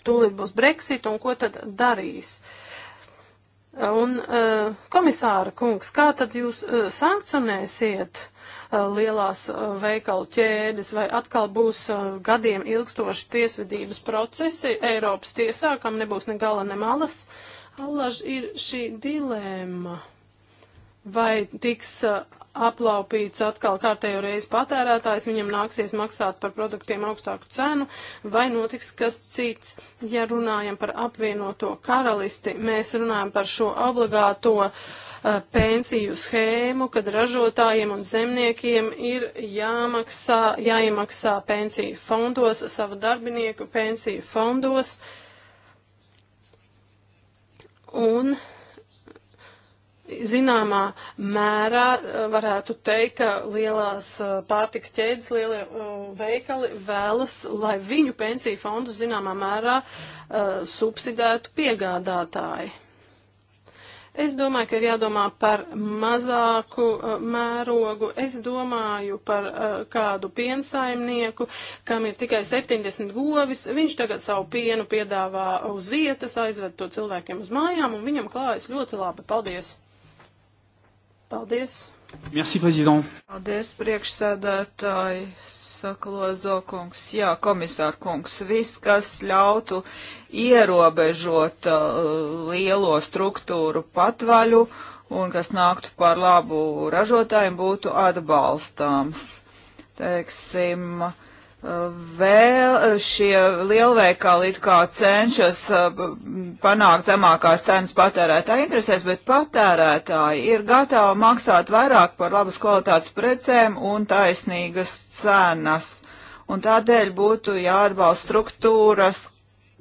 tūlīt būs Brexit, un ko tad darīs? Un komisāra kungs, kā tad jūs sankcionēsiet lielās veikalu ķēdes, vai atkal būs gadiem ilgstoši tiesvedības procesi Eiropas tiesā, kam nebūs ne gala, ne malas? Uh, Allaž ir šī dilēma. Vai tiks uh, aplaupīts atkal kārtējo reizi patērētājs, viņam nāksies maksāt par produktiem augstāku cenu, vai notiks kas cits. Ja runājam par apvienoto karalisti, mēs runājam par šo obligāto uh, pensiju schēmu, kad ražotājiem un zemniekiem ir jāmaksā, jāiemaksā pensiju fondos, savu darbinieku pensiju fondos. Uh, un zināmā mērā eh, varētu teikt, ka lielās eh, pārtiks ķēdes, lielie eh, veikali vēlas, lai viņu pensiju fondus zināmā mērā subsidētu piegādātāji. Es domāju, ka ir jādomā par mazāku uh, mērogu. Es domāju par uh, kādu piensaimnieku, kam ir tikai 70 govis. Viņš tagad savu pienu piedāvā uz vietas, aizved to cilvēkiem uz mājām, un viņam klājas ļoti labi. Paldies! Paldies! Merci, prezident! Paldies, priekšsēdētāji! saka Lozo kungs. Jā, komisār kungs, viss, kas ļautu ierobežot uh, lielo struktūru patvaļu un kas nāktu par labu ražotājiem, būtu atbalstāms. Teiksim, uh, Vēl šie lielveikali it kā cenšas uh, panākt zemākās cenas patērētāju interesēs, bet patērētāji ir gatavi maksāt vairāk par labas kvalitātes precēm un taisnīgas cenas. Un tādēļ būtu jāatbalsta struktūras,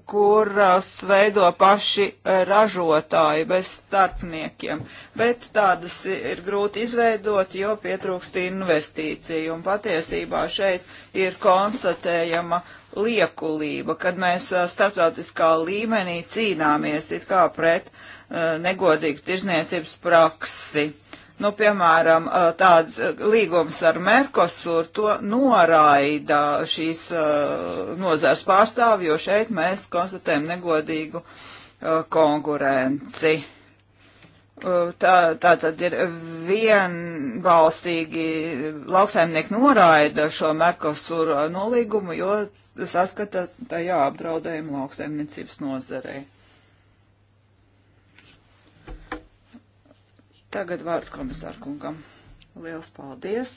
kuras eh, veido paši eh, ražotāji bez starpniekiem, bet tādas ir grūti izveidot, jo pietrūkst investīciju. Un patiesībā šeit ir konstatējama liekulība, kad mēs eh, starptautiskā līmenī cīnāmies it kā pret uh, negodīgu tirzniecības praksi Nu, piemēram, tāds līgums ar Merkosur to noraida šīs nozars pārstāvju, jo šeit mēs konstatējam negodīgu konkurenci. Tā, tā tad ir vienbalsīgi lauksaimnieki noraida šo Merkosur nolīgumu, jo saskata tajā apdraudējumu lauksaimniecības nozarei. Tagad vārds komisārkungam. Liels paldies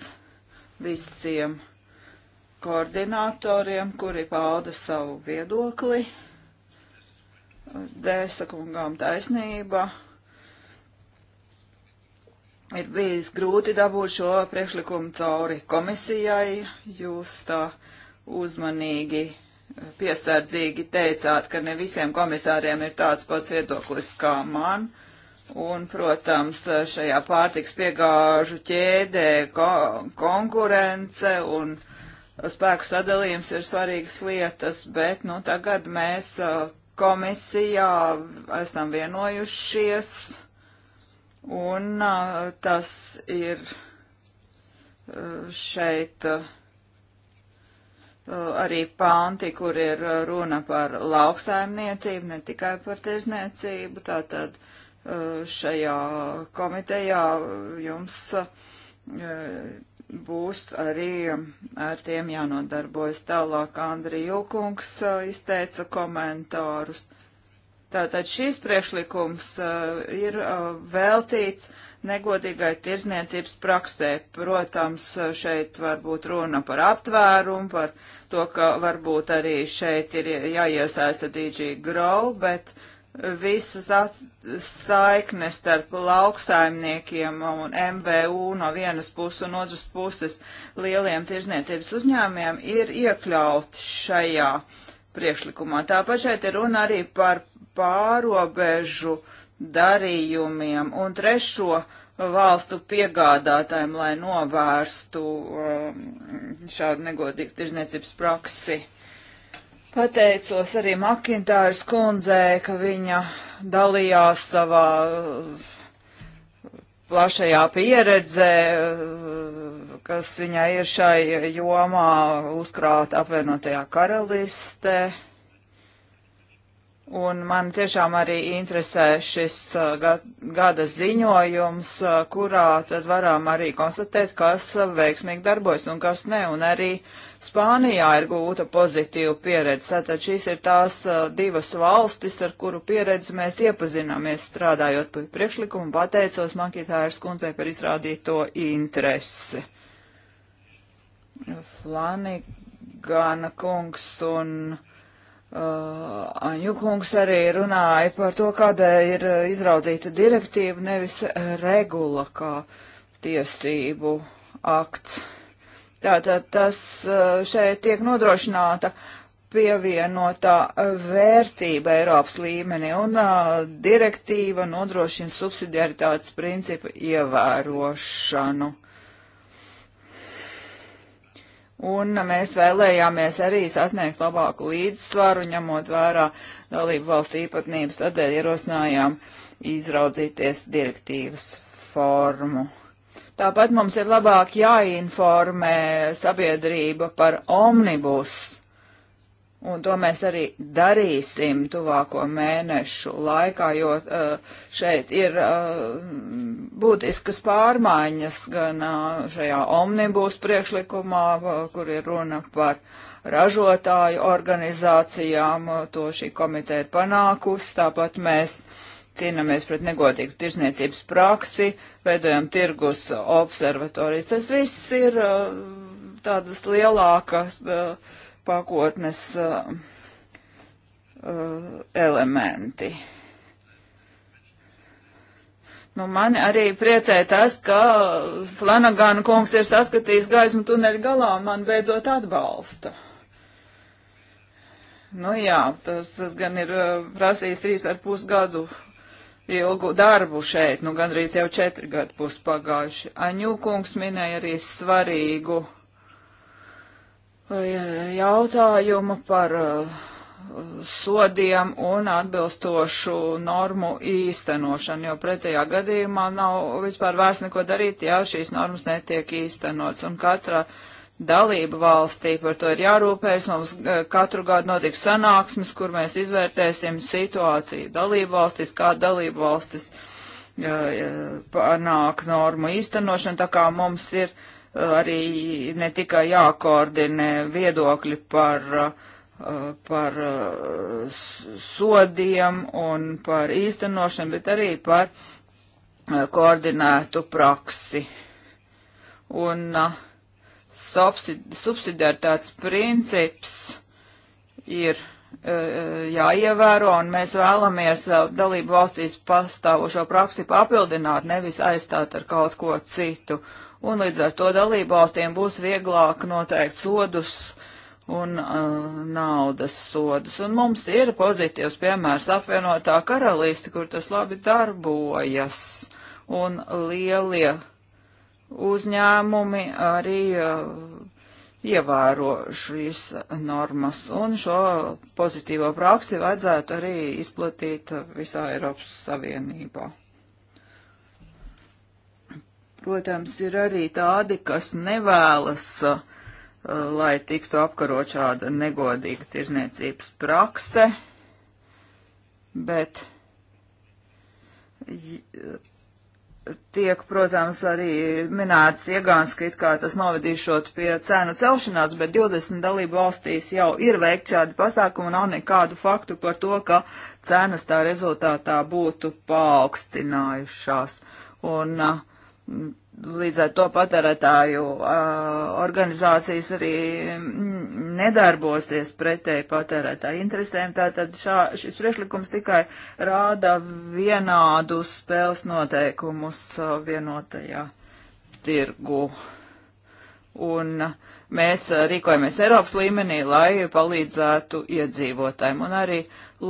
visiem koordinatoriem, kuri pauda savu viedokli. Dēsa kungām taisnība. Ir bijis grūti dabūt šo priekšlikumu cauri komisijai. Jūs tā uzmanīgi, piesardzīgi teicāt, ka ne visiem komisāriem ir tāds pats viedoklis kā man. Uh, Un, protams, šajā pārtiks piegāžu ķēdē ko konkurence un spēku sadalījums ir svarīgas lietas, bet, nu, tagad mēs komisijā esam vienojušies, un tas ir šeit arī panti, kur ir runa par lauksaimniecību, ne tikai par tirzniecību, tātad. Tā šajā komitejā jums e, būs arī ar tiem jānodarbojas tālāk. Andriju Kungs e, izteica komentārus. Tātad šīs priekšlikums e, ir veltīts negodīgai tirzniecības praksē. Protams, šeit var būt runa par aptvērumu, par to, ka varbūt arī šeit ir jāiesaista DJ Grow, bet uh, visas saiknes starp lauksaimniekiem un MVU no vienas puses un otras puses lieliem tirzniecības uzņēmiem ir iekļauti šajā priekšlikumā. Tāpat šeit ir runa arī par pārobežu darījumiem un trešo valstu piegādātājiem, lai novērstu um, šādu negodīgu tirzniecības praksi. Pateicos arī Makintājas kundzē, ka viņa dalījās savā plašajā pieredzē, kas viņai ir šai jomā uzkrāta apvienotajā karalistē. Un man tiešām arī interesē šis uh, gada ziņojums, uh, kurā tad varam arī konstatēt, kas uh, veiksmīgi darbojas un kas ne. Un arī Spānijā ir gūta pozitīva pieredze. Tātad šīs ir tās divas valstis, ar kuru pieredzi mēs iepazināmies strādājot pie priekšlikumu. Pateicos Makitāras kundzei par izrādīto interesi. Flanigana kungs un. Uh, Aņukungs arī runāja par to, kādēļ ir uh, izraudzīta direktīva, nevis regula kā tiesību akts. Tātad tas uh, šeit tiek nodrošināta pievienotā vērtība Eiropas līmenī, un uh, direktīva nodrošina subsidiaritātes principu ievērošanu. Uh, Un mēs vēlējāmies arī sasniegt labāku līdzsvaru, ņemot vērā dalību valstu īpatnības, tādēļ ierosinājām izraudzīties direktīvas formu. Tāpat mums ir labāk jāinformē sabiedrība par omnibus Un to mēs arī darīsim tuvāko mēnešu laikā, jo uh, šeit ir uh, būtiskas pārmaiņas gan uh, šajā omnibūs priekšlikumā, uh, kur ir runa par ražotāju organizācijām, uh, to šī komiteja ir panākusi, tāpat mēs cīnāmies pret negodīgu tirsniecības praksi, veidojam tirgus observatorijas. Tas viss ir uh, tādas lielākas. Uh, pakotnes uh, uh, elementi. Nu, mani arī priecē tas, ka Flanagana kungs ir saskatījis gaismu tuneļu galā un man beidzot atbalsta. Nu jā, tas, tas gan ir uh, prasījis trīs ar pus gadu ilgu darbu šeit, nu gandrīz jau četri gadu pus pagājuši. Aņūkungs minēja arī svarīgu E, jautājumu par e, sodiem un atbilstošu normu īstenošanu, jo pretējā gadījumā nav vispār vairs neko darīt, ja šīs normas netiek īstenots. Un katra dalība valstī par to ir jārūpējas. Mums e, katru gadu notiks sanāksmes, kur mēs izvērtēsim situāciju dalību valstis, kā dalību valstis panāk normu īstenošanu, tā kā mums ir arī ne tikai jākoordinē viedokļi par, eh, par eh, sodiem un par īstenošanu, bet arī par eh, koordinētu praksi. Un subsidiaritātes princips ir jāievēro, un mēs vēlamies dalību valstīs pastāvošo praksi papildināt, nevis aizstāt ar kaut ko citu. Uh, un līdz ar to dalībvalstiem būs vieglāk noteikt sodus un uh, naudas sodus. Un mums ir pozitīvs piemērs apvienotā karalīste, kur tas labi darbojas, un lielie uzņēmumi arī uh, ievēro šīs normas, un šo pozitīvo praksi vajadzētu arī izplatīt visā Eiropas Savienībā. Protams, ir arī tādi, kas nevēlas, uh, lai tiktu apkarot šāda negodīga tirzniecības prakse, bet tiek, protams, arī minēts iegāns, ka it kā tas novedīšot pie cēnu celšanās, bet 20 dalību valstīs jau ir veikt šādi pasākumi, nav nekādu faktu par to, ka cenas tā rezultātā būtu paaugstinājušās. Un uh, Līdz ar to patērētāju organizācijas arī nedarbosies pretēji patērētāju interesēm. Tātad šā, šis priešlikums tikai rāda vienādus spēles noteikumus vienotajā tirgu. Uh, un mēs eh, rīkojamies Eiropas līmenī, lai palīdzētu iedzīvotājiem. Un arī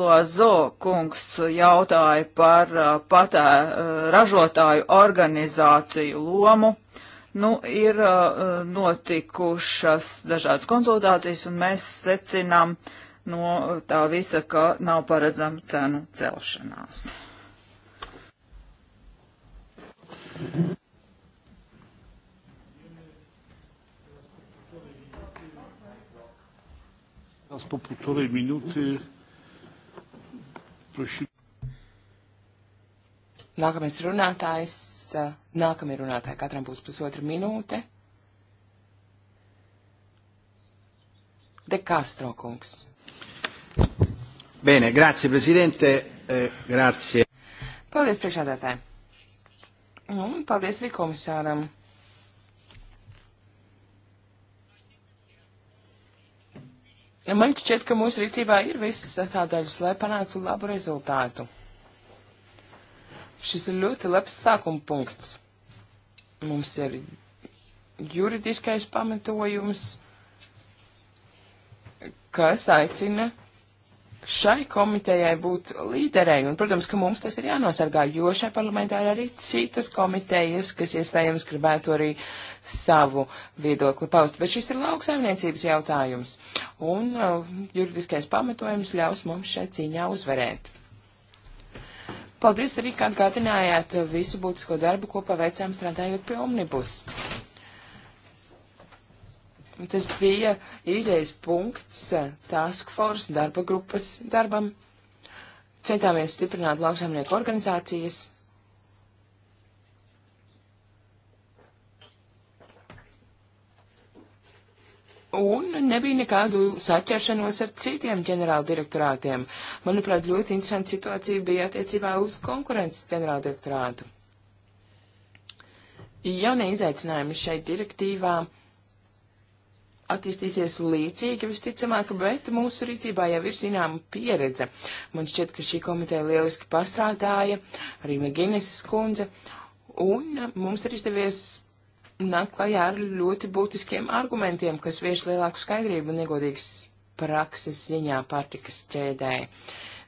Lozo kungs jautāja par eh, patē eh, ražotāju organizāciju lomu. Nu, ir notikušas dažādas konsultācijas, un mēs secinām no tā visa, ka nav paredzama cenu celšanās. Czas po półtorej minūti. Nākamais runātājs, nākamie runātāji, katram būs pusotra minūte. De Castro kungs. Bene, grazie Presidente, eh, grazie. Paldies priekšādātājiem. Nu, paldies arī komisāram. Man šķiet, ka mūsu rīcībā ir visas sastāvdaļas, lai panāktu labu rezultātu. Šis ir ļoti labs sākuma punkts. Mums ir juridiskais pamatojums, kas aicina šai komitejai būt līderei, un, protams, ka mums tas ir jānosargā, jo šai parlamentā ir arī citas komitejas, kas iespējams gribētu arī savu viedokli paust. Bet šis ir lauksaimniecības jautājums, un uh, juridiskais pamatojums ļaus mums šai cīņā uzvarēt. Paldies arī, ka atgādinājāt visu būtisko darbu, ko paveicām strādājot pie omnibus. Tas bija izējas punkts task force darba grupas darbam. Centāmies stiprināt lauksaimnieku organizācijas. Un nebija nekādu saķeršanos ar citiem ģenerāla direktorātiem. Manuprāt, ļoti interesanta situācija bija attiecībā uz konkurences ģenerāla direktorātu. Jaunie izaicinājumi šeit direktīvā attīstīsies līdzīgi visticamāk, bet mūsu rīcībā jau ir zināma pieredze. Man šķiet, ka šī komiteja lieliski pastrādāja, arī Meginis skundze, un mums ir izdevies nāk klajā ar ļoti būtiskiem argumentiem, kas vieš lielāku skaidrību negodīgas prakses ziņā pārtikas ķēdē.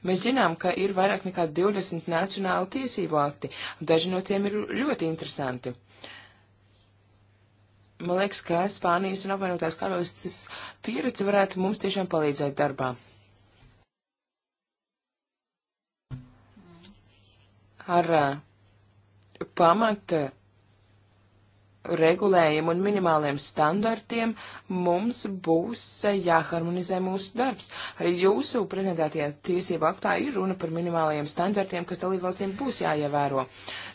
Mēs zinām, ka ir vairāk nekā 20 nacionālu tiesību akti, un daži no tiem ir ļoti interesanti. Man liekas, ka Spānijas un apvienotās karalistes pieredze varētu mums tiešām palīdzēt darbā. Ar pamata regulējumu un minimāliem standartiem mums būs jāharmonizē mūsu darbs. Arī jūsu prezentētajā tiesību aktā ir runa par minimālajiem standartiem, kas dalībvalstīm būs jāievēro.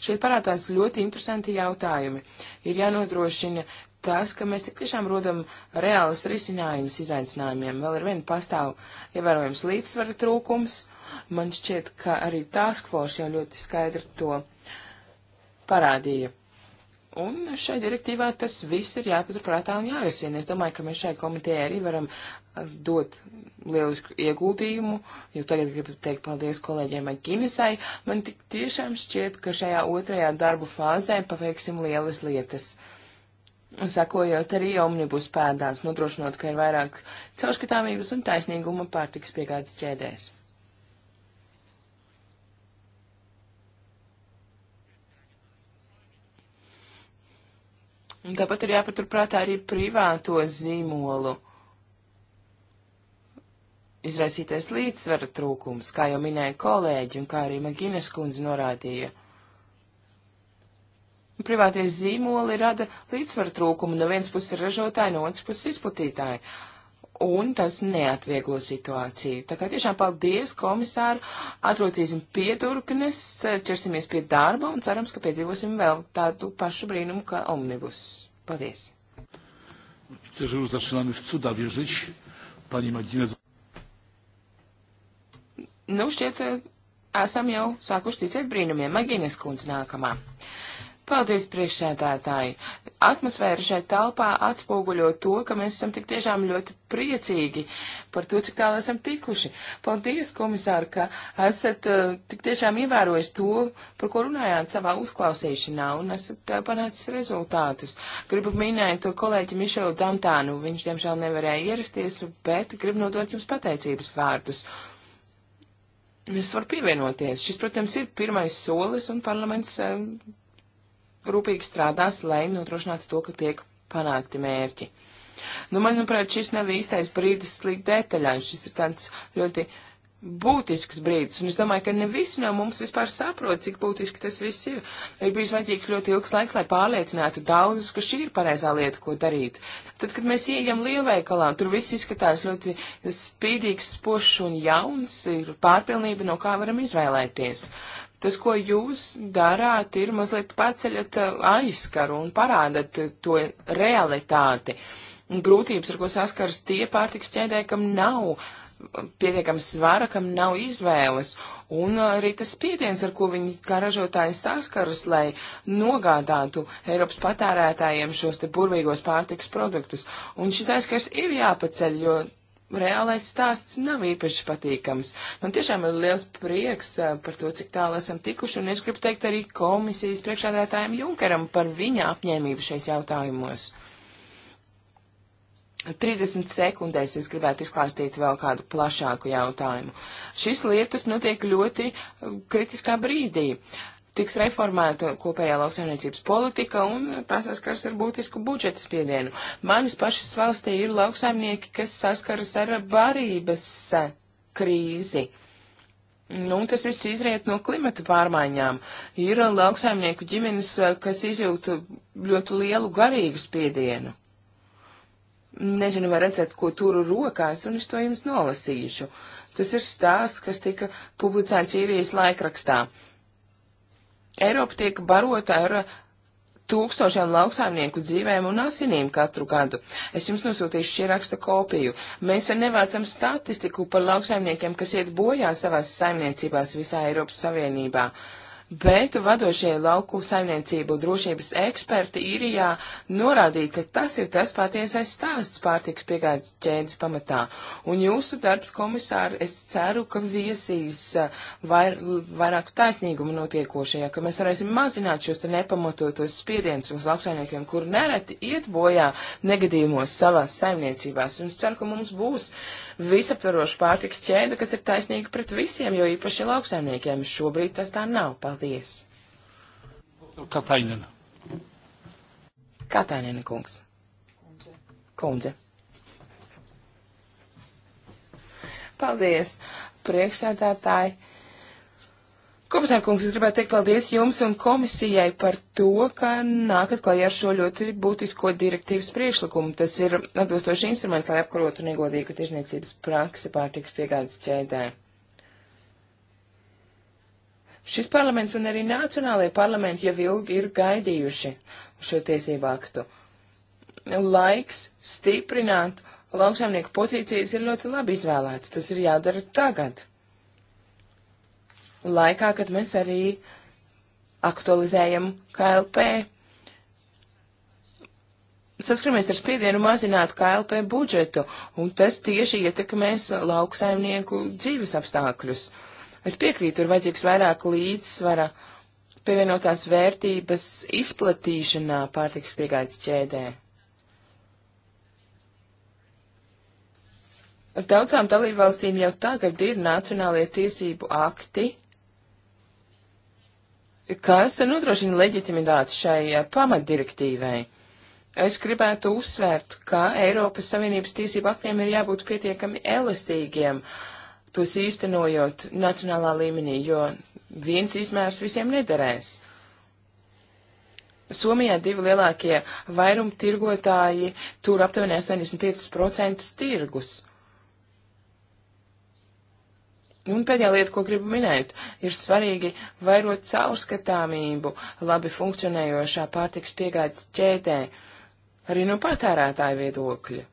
Šeit parādās ļoti interesanti jautājumi. Ir jānodrošina tas, ka mēs tik tiešām rodam reālus risinājumus izaicinājumiem. Vēl ar vienu pastāv ievērojams līdzsvara trūkums. Man šķiet, ka arī Task Force jau ļoti skaidri to parādīja. Un šai direktīvā tas viss ir jāpaturprātā un jārisina. Es domāju, ka mēs šai komitejai arī varam uh, dot lielisku ieguldījumu, jo tagad gribu teikt paldies kolēģiem Maķinisai. Man tik tiešām šķiet, ka šajā otrajā darbu fāzē paveiksim lielas lietas un sakojot arī omnibus pēdās, nodrošinot, ka ir vairāk caurskatāmības un taisnīguma pārtiks piegādes ķēdēs. Un tāpat ir jāpaturprātā arī privāto zīmolu izraisīties līdzsvera trūkums, kā jau minēja kolēģi un kā arī Maginas kundze norādīja. Privātie zīmoli rada līdzsvaru trūkumu. No vienas puses ir ražotāji, no otras puses izplatītāji. Un tas neatvieglo situāciju. Tā kā tiešām paldies komisāru, atrotīsim pieturknes, ķersimies pie darba un cerams, ka piedzīvosim vēl tādu pašu brīnumu kā omnibus. Paldies! Widzę, że już zaczynamy w cuda wierzyć. Pani Madzinez. Nu, šķiet, esam jau sākuši ticēt brīnumiem. Magīnes kundze nākamā. Paldies, priekšsēdētāji! Atmosfēra šai telpā atspoguļo to, ka mēs esam tik tiešām ļoti priecīgi par to, cik tālu esam tikuši. Paldies, komisāri, ka esat uh, tik tiešām ievērojis to, par ko runājāt savā uzklausīšanā un esat uh, panācis rezultātus. Gribu minēt kolēģi Mišelu Dantānu, viņš diemžēl nevarēja ierasties, bet gribu nodot jums pateicības vārdus. Es varu pievienoties. Šis, protams, ir pirmais solis un parlaments. Uh, rūpīgi strādās, lai nodrošinātu to, ka tiek panākti mērķi. Nu, manuprāt, šis nav īstais brīdis slīgt detaļās, šis ir tāds ļoti būtisks brīdis, un es domāju, ka ne visi no mums vispār saprot, cik būtiski tas viss ir. Ir bijis vajadzīgs ļoti ilgs laiks, lai pārliecinātu daudzus, ka šī ir pareizā lieta, ko darīt. Tad, kad mēs ieejam lielveikalā, tur viss izskatās ļoti spīdīgs, spošs un jauns, ir pārpilnība, no kā varam izvēlēties tas, ko jūs darāt, ir mazliet paceļat eh, aizskaru un parādat to realitāti. Grūtības, ar ko saskars tie pārtiks ķēdē, kam nav pietiekams svara, kam nav izvēles, un arī tas spiediens, ar ko viņi kā ražotāji saskaras, lai nogādātu Eiropas patērētājiem šos te burvīgos pārtikas produktus. Un šis aizskars ir jāpaceļ, jo reālais stāsts nav īpaši patīkams. Man tiešām ir liels prieks par to, cik tālu esam tikuši, un es gribu teikt arī komisijas priekšādātājiem Junkeram par viņa apņēmību šais jautājumos. 30 sekundēs es gribētu izklāstīt vēl kādu plašāku jautājumu. Šis lietas notiek ļoti kritiskā brīdī. Uh, tiks reformēta kopējā lauksaimniecības politika un tas saskars ar būtisku budžeta spiedienu. Manis pašas valstī ir lauksaimnieki, kas saskaras ar barības krīzi. Nu, tas viss izriet no klimata pārmaiņām. Ir lauksaimnieku ģimenes, kas izjūtu ļoti lielu garīgu spiedienu. Nezinu, vai redzat, ko turu rokās, un es to jums nolasīšu. Tas ir stāsts, kas tika publicēts īrijas laikrakstā. Uh, Eiropa tiek barota ar tūkstošiem lauksaimnieku dzīvēm un asinīm katru gadu. Es jums nosūtīšu šī raksta kopiju. Mēs nevācam statistiku par lauksaimniekiem, kas iet bojā savās saimniecībās visā Eiropas Savienībā. Uh, bet vadošie lauku saimniecību drošības eksperti īrijā norādīja, ka tas ir tas patiesais stāsts pārtiks piegādes ķēdes pamatā. Un jūsu darbs, komisāri, es ceru, ka viesīs uh, vair, vairāk taisnīgumu notiekošajā, ka mēs varēsim mazināt šos te nepamatotos spiedienus uz lauksaimniekiem, kur nereti iet bojā negadījumos savās saimniecībās. Un es ceru, ka mums būs visaptvaroša pārtiks ķēde, kas ir taisnīga pret visiem, jo īpaši lauksaimniekiem šobrīd tas tā nav. Paldies! Paldies! Katainen. Katainen kungs. Kundze. Paldies, priekšsēdētāji. Komisārkungs, es gribētu teikt paldies jums un komisijai par to, ka nākat klajā ar šo ļoti būtisko direktīvas priekšlikumu. Tas ir atbilstoši instruments, lai apkarotu negodīgu tirzniecības praksi pārtiks piegādes ķēdē. Šis parlaments un arī nacionālajie parlamenti jau ilgi ir gaidījuši šo tiesību aktu. Laiks stiprināt lauksaimnieku pozīcijas ir ļoti labi izvēlēts. Tas ir jādara tagad. Laikā, kad mēs arī aktualizējam KLP. Saskaramies ar spiedienu mazināt KLP budžetu, un tas tieši ietekmēs lauksaimnieku dzīves apstākļus. Uh, Es piekrītu, ir vajadzīgs vairāk līdzsvara pievienotās vērtības izplatīšanā pārtiks piegādes ķēdē. Daudzām dalībvalstīm jau tagad ir nacionālie tiesību akti, kas nodrošina leģitimitāti šai eh, pamatdirektīvai. Es gribētu uzsvērt, ka Eiropas Savienības tiesību aktiem ir jābūt pietiekami elastīgiem, uh, tos īstenojot nacionālā līmenī, jo viens izmērs visiem nederēs. Somijā divi lielākie vairuma tirgotāji tur aptuveni 85% tirgus. Un pēdējā lieta, ko gribu minēt, ir svarīgi vairot caurskatāmību labi funkcionējošā pārtiks piegādes ķēdē, arī no patērētāja viedokļa.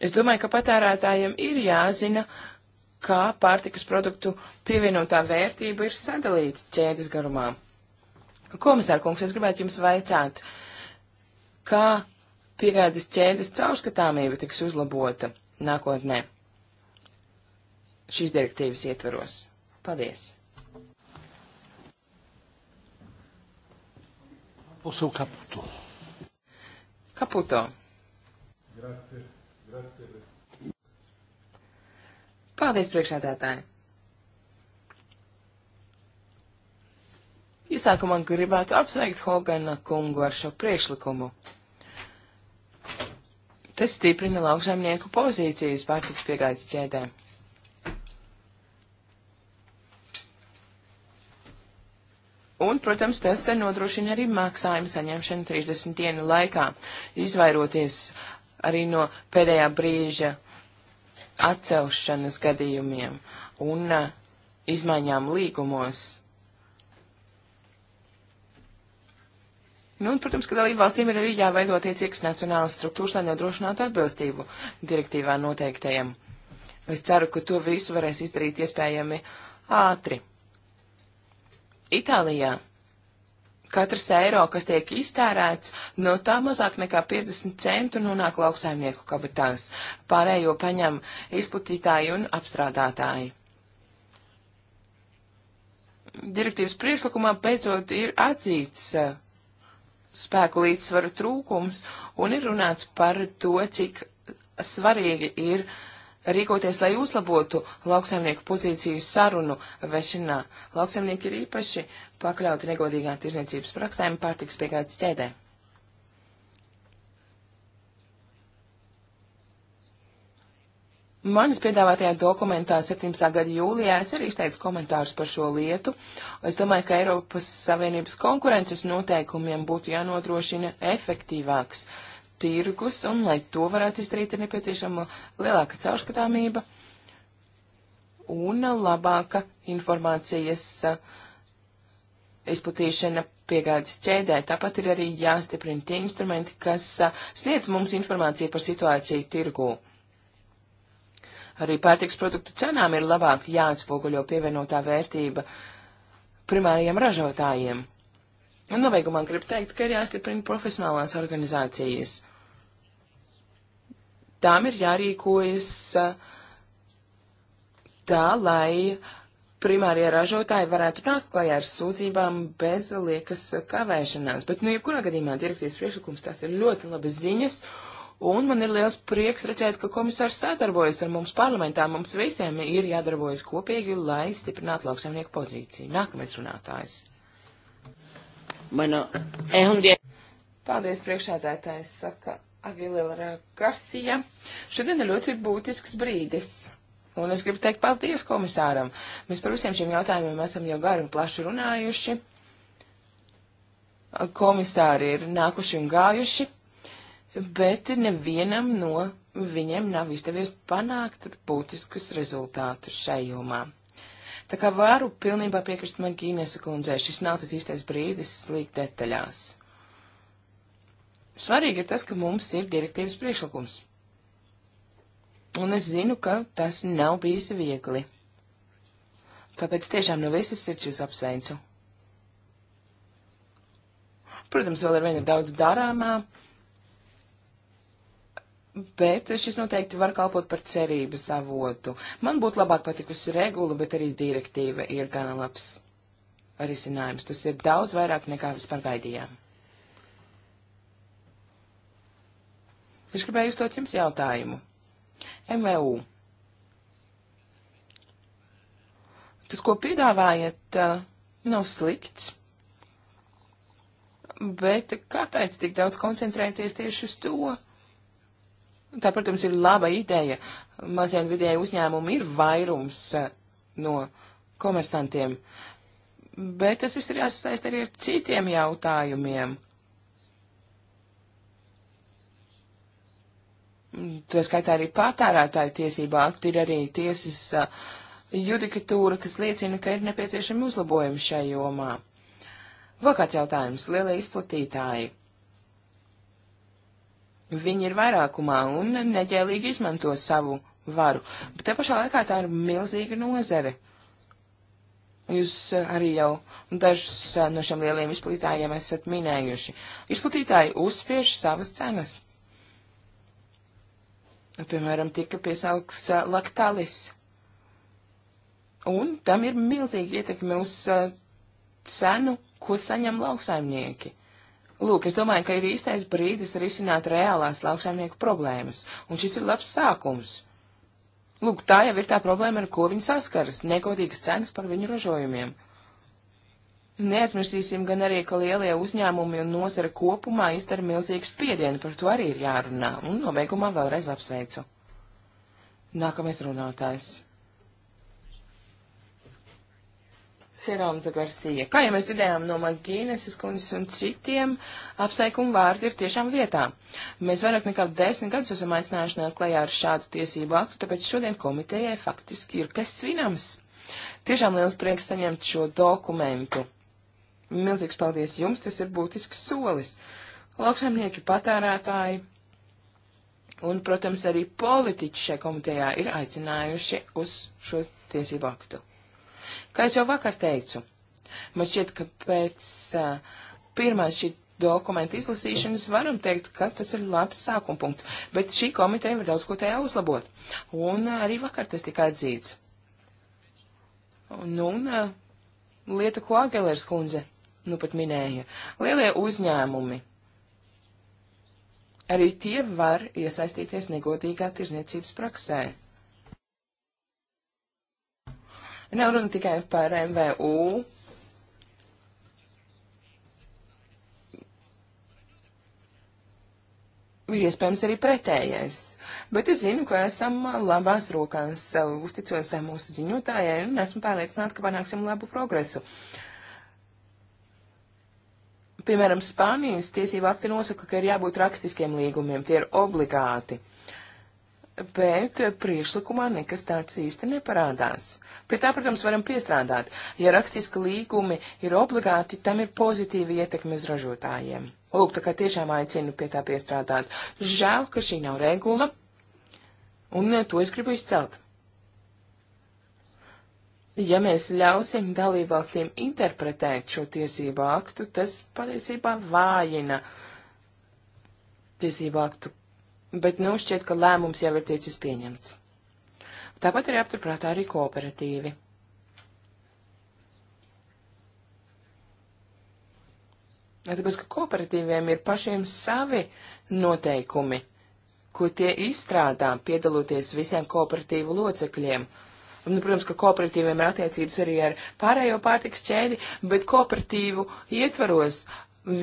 Es domāju, ka patērētājiem ir jāzina, uh, kā pārtikas produktu pievienotā vērtība ir sadalīta ķēdes garumā. Komisāra kungs, es gribētu jums vaicāt, kā piegādes ķēdes caurskatāmība tiks uzlabota nākotnē šīs direktīvas ietveros. Paldies! Kaputo. Kaputo. Grazie. Paldies, priekšādātāji! Iesākumā gribētu apsveikt Hogana kungu ar šo priekšlikumu. Tas stiprina lauksaimnieku pozīcijas pārtiks piegādes ķēdē. Un, protams, tas nodrošina arī maksājumu saņemšanu 30 dienu laikā, izvairoties arī no pēdējā brīža atcelšanas gadījumiem un a, uh, izmaiņām līgumos. Nu, un, protams, ka dalību valstīm ir arī jāveido tiecīgas nacionālas struktūras, lai nodrošinātu atbilstību direktīvā noteiktajam. Es ceru, ka to visu varēs izdarīt iespējami ātri. Itālijā katrs eiro, kas tiek iztērēts, no tā mazāk nekā 50 centu nonāk lauksaimnieku kabatās. Pārējo paņem izplatītāji un apstrādātāji. Direktīvas priekšlikumā beidzot ir atzīts eh, spēku līdzsvaru trūkums un ir runāts par to, cik svarīgi ir uh, rīkoties, lai uzlabotu lauksaimnieku pozīciju sarunu vešanā. Lauksaimnieki ir īpaši pakļauti negodīgām tirzniecības prakstēm pārtiks piegādes ķēdē. Manis piedāvātajā dokumentā 17. gada jūlijā es arī izteicu komentārus par šo lietu. Es domāju, ka Eiropas Savienības konkurences noteikumiem būtu jānodrošina efektīvāks uh, tirgus, un lai to varētu izdarīt, ir nepieciešama lielāka caurskatāmība un labāka informācijas eh, izplatīšana piegādes ķēdē. Tāpat ir arī jāstiprina tie instrumenti, kas eh, sniedz mums informāciju par situāciju tirgū. Arī pārtiks produktu cenām ir labāk jāatspoguļo pievienotā vērtība primārajiem ražotājiem. Un nobeigumā gribu teikt, ka ir jāstiprina profesionālās organizācijas tām ir jārīkojas uh, tā, lai primārie ražotāji varētu nākt klajā ar sūdzībām bez liekas kavēšanās. Bet, nu, jebkurā gadījumā direktīvas priekšlikums tās ir ļoti labas ziņas, un man ir liels prieks redzēt, ka komisārs sadarbojas ar mums parlamentā. Mums visiem ir jādarbojas kopīgi, lai stiprinātu lauksaimnieku pozīciju. Nākamais runātājs. Mano, eh, un die. Paldies, priekšādātājs saka Agilera Garcija. Šodien ir ļoti būtisks brīdis. Un es gribu teikt paldies komisāram. Mēs par visiem šiem jautājumiem esam jau gari un plaši runājuši. Komisāri ir nākuši un gājuši, bet nevienam no viņiem nav izdevies panākt būtiskus rezultātus šai jomā. Tā kā varu pilnībā piekrist man Gīnesa kundzei, šis nav tas īstais brīdis slīgt detaļās. Svarīgi ir tas, ka mums ir direktīvas priekšlikums. Un es zinu, ka tas nav bijis viegli. Tāpēc tiešām no visas sirds jūs apsveicu. Protams, vēl ir viena daudz darāmā, bet šis noteikti var kalpot par cerības avotu. Man būtu labāk patikusi regula, bet arī direktīva ir gana labs risinājums. Tas ir daudz vairāk nekā vispār gaidījām. Es gribēju uzdot jums jautājumu. MVU. Tas, ko piedāvājat, eh, nav slikts. Bet kāpēc tik daudz koncentrēties tieši uz to? Tā, protams, ir laba ideja. Maziem vidēji uzņēmumi ir vairums eh, no komersantiem, bet tas viss ir jāsasaist arī ar citiem jautājumiem. to skaitā arī patērētāju tiesībā akti ir arī tiesas judikatūra, kas liecina, ka ir nepieciešami uzlabojumi šai jomā. Vēl kāds jautājums - lielie izplatītāji. Viņi ir vairākumā un neģēlīgi izmanto savu varu, bet te pašā laikā tā ir milzīga nozare. Jūs arī jau dažus no šiem lieliem izplatītājiem esat minējuši. Izplatītāji uzspiež savas cenas. Nu, piemēram, tika piesaukts laktālis. Un tam ir milzīga ietekme uz cenu, ko saņem lauksaimnieki. Lūk, es domāju, ka ir īstais brīdis risināt reālās lauksaimnieku problēmas, un šis ir labs sākums. Lūk, tā jau ir tā problēma, ar ko viņi saskaras - negodīgas cenas par viņu ražojumiem. Neaizmirsīsim gan arī, ka lielie uzņēmumi un nozara kopumā izdara milzīgu spiedienu, par to arī ir jārunā, un nobeigumā vēlreiz apsveicu. Nākamais runātājs. Heronza Garcija. Kā jau mēs dzirdējām no Magīneses kundzes un citiem, apsveikumu vārdi ir tiešām vietā. Mēs vairāk nekā desmit gadus esam aicinājuši nākt klajā ar šādu tiesību aktu, tāpēc šodien komitejai faktiski ir kas svinams. Tiešām liels prieks saņemt šo dokumentu. Milzīgs paldies jums, tas ir būtisks solis. Lauksaimnieki, patērētāji un, protams, arī politiķi šajā komitejā ir aicinājuši uz šo tiesību aktu. Kā es jau vakar teicu, man šķiet, ka pēc uh, pirmās šī dokumenta izlasīšanas varam teikt, ka tas ir labs sākuma punkts, bet šī komiteja var daudz ko tajā uzlabot. Un arī vakar tas tika atzīts. Un, un lieta, ko Agelers kundze nu pat minēja, lielie uzņēmumi. Arī tie var iesaistīties negodīgā tirzniecības praksē. Nav runa tikai par MVU. Ir iespējams arī pretējais, bet es zinu, ka esam labās rokās, uzticos mūsu ziņotājai un esmu pārliecināta, ka panāksim labu progresu. Uh, piemēram, Spānijas tiesība akti nosaka, ka ir jābūt rakstiskiem līgumiem, tie ir obligāti. Bet priekšlikumā nekas tāds īsti neparādās. Pie tā, protams, varam piestrādāt. Ja rakstiski līgumi ir obligāti, tam ir pozitīva ietekme uz ražotājiem. Lūk, tā kā tiešām aicinu pie tā piestrādāt. Žēl, ka šī nav regula, un to es gribu izcelt. Ja mēs ļausim dalībvalstīm interpretēt šo tiesību aktu, tas patiesībā vājina tiesību aktu, bet nu šķiet, ka lēmums jau ir ticis pieņemts. Tāpat ir apturprātā arī kooperatīvi. Tāpēc, ka kooperatīviem ir pašiem savi noteikumi, ko tie izstrādā, piedaloties visiem kooperatīvu locekļiem. Uh, Nu, protams, ka kooperatīviem ir attiecības arī ar pārējo pārtiks ķēdi, bet kooperatīvu ietvaros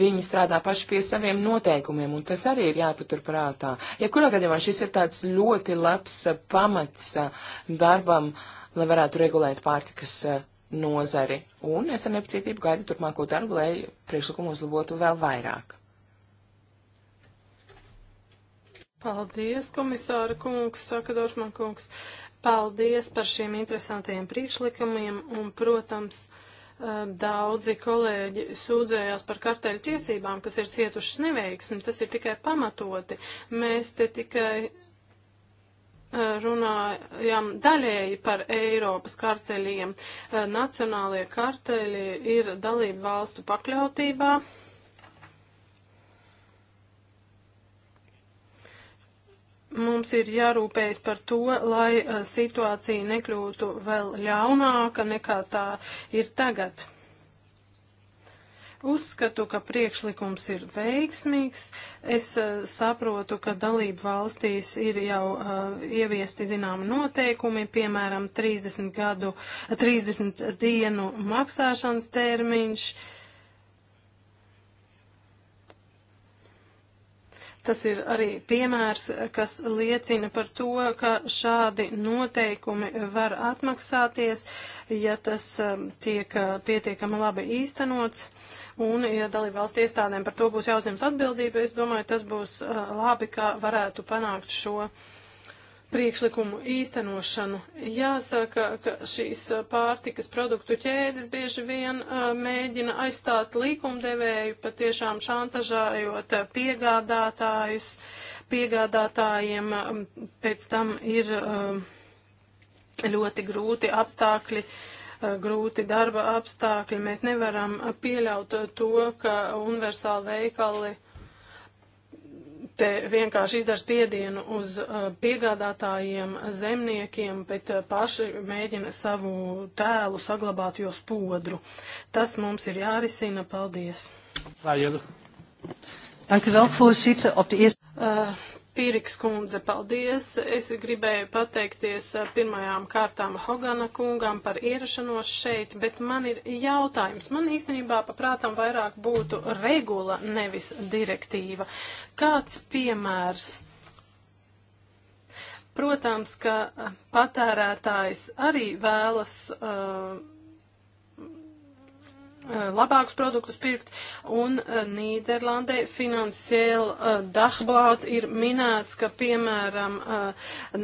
viņi strādā paši pie saviem noteikumiem, un tas arī ir jāpatur prātā. Ja kurā gadījumā šis ir tāds ļoti labs pamats darbam, lai varētu regulēt pārtikas nozari, un es ar nepacietību gaidu turpmāko darbu, lai priekšlikumu uzlabotu vēl vairāk. Paldies, komisāra kungs, saka Dorfman kungs. Paldies par šiem interesantajiem priekšlikumiem un, protams, eh, daudzi kolēģi sūdzējās par karteļu tiesībām, kas ir cietušas neveiksmi. Tas ir tikai pamatoti. Mēs te tikai eh, runājam daļēji par Eiropas karteļiem. Eh, nacionālie karteļi ir dalību valstu pakļautībā. Mums ir jārūpējas par to, lai uh, situācija nekļūtu vēl ļaunāka nekā tā ir tagad. Uzskatu, ka priekšlikums ir veiksmīgs. Es uh, saprotu, ka dalību valstīs ir jau uh, ieviesti zināmi noteikumi, piemēram, 30, gadu, 30 dienu maksāšanas termiņš. Uh, Tas ir arī piemērs, kas liecina par to, ka šādi noteikumi var atmaksāties, ja tas um, tiek uh, pietiekami labi īstenots. Un, ja dalībvalstu iestādēm par to būs jāuzņems atbildība, es domāju, tas būs uh, labi, ka varētu panākt šo uh, priekšlikumu īstenošanu. Jāsaka, ka šīs uh, pārtikas produktu ķēdes bieži vien uh, mēģina aizstāt likumdevēju, patiešām šantažājot uh, piegādātājus. Piegādātājiem um, pēc tam ir um, ļoti grūti apstākļi grūti darba apstākļi. Mēs nevaram pieļaut to, ka universāli veikali uh, te vienkārši izdara spiedienu uz uh, piegādātājiem, zemniekiem, bet uh, paši mēģina savu tēlu saglabāt jo spodru. Tas mums ir jārisina. Paldies! Dank u wel, voorzitter. Op de eerste... Uh, Pīriks kundze, paldies. Es gribēju pateikties pirmajām kārtām Hogana kungam par ierašanos šeit, bet man ir jautājums. Man īstenībā paprātam vairāk būtu regula, nevis direktīva. Kāds piemērs? Protams, ka patērētājs arī vēlas. Uh, Eh, labākus produktus pirkt, un eh, Nīderlandē finansiāli eh, dahblāt ir minēts, ka, piemēram,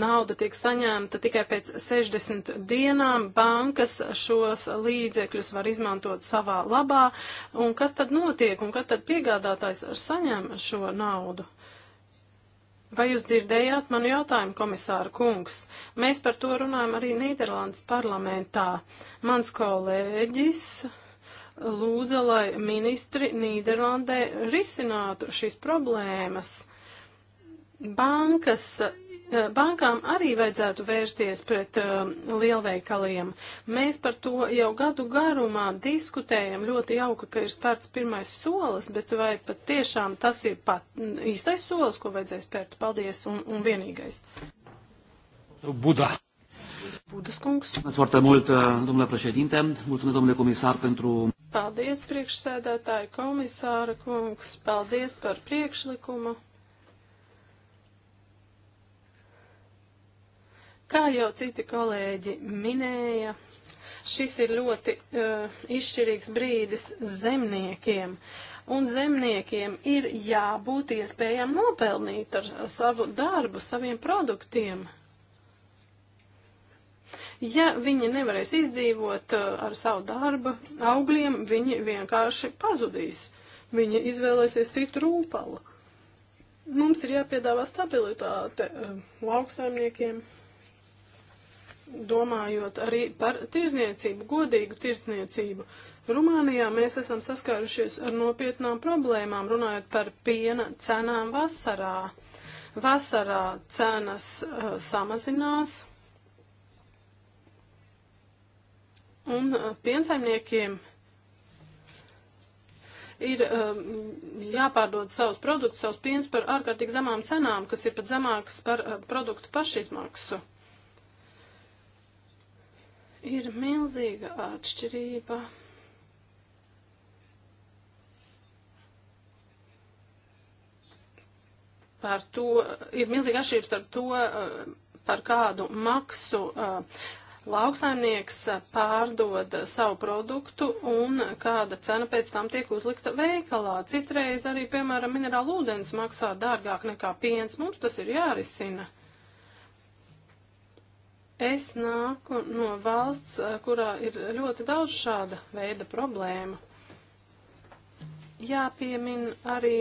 nauda tiek saņemta tikai pēc 60 dienām, bankas šos līdzekļus var izmantot savā labā, un kas tad notiek, un kad tad piegādātājs saņem šo naudu? Vai jūs dzirdējāt manu jautājumu, komisāra kungs? Mēs par to runājam arī Nīderlandes parlamentā. Mans kolēģis lūdza, lai ministri Nīderlandē risinātu šīs problēmas. Bankas eh, Bankām arī vajadzētu vērsties pret uh, lielveikaliem. Mēs par to jau gadu garumā diskutējam. Ļoti jauka, ka ir spērts pirmais solis, bet vai pat tiešām tas ir pat mm, īstais solis, ko vajadzēs spērt? Paldies un, un vienīgais. Budā. Pudas kungs. Es foarte mult, domnule președinte. Mulțumesc, domnule komisār, pentru. Paldies, priekšsēdētāji komisāra kungs. Paldies par priekšlikumu. Kā jau citi kolēģi minēja, šis ir ļoti uh, izšķirīgs brīdis zemniekiem. Un zemniekiem ir jābūt iespējām nopelnīt ar savu darbu, saviem produktiem. Ja viņi nevarēs izdzīvot uh, ar savu darbu augļiem, viņi vienkārši pazudīs. Viņi izvēlēsies citu rūpalu. Mums ir jāpiedāvā stabilitāte uh, lauksaimniekiem, domājot arī par tirzniecību, godīgu tirzniecību. Rumānijā mēs esam saskārušies ar nopietnām problēmām, runājot par piena cenām vasarā. Vasarā cenas uh, samazinās, Un uh, piensaimniekiem ir um, jāpārdod savus produktus, savus piens par ārkārtīgi zemām cenām, kas ir pat zemākas par uh, produktu pašizmaksu. Ir milzīga atšķirība. Par to ir milzīga atšķirība starp to, uh, par kādu maksu uh, lauksaimnieks eh, pārdod eh, savu produktu un kāda cena pēc tam tiek uzlikta veikalā. Citreiz arī, piemēram, minerāla ūdens maksā dārgāk nekā piens. Mums tas ir jārisina. Es nāku no valsts, eh, kurā ir ļoti daudz šāda veida problēma. Jāpiemin arī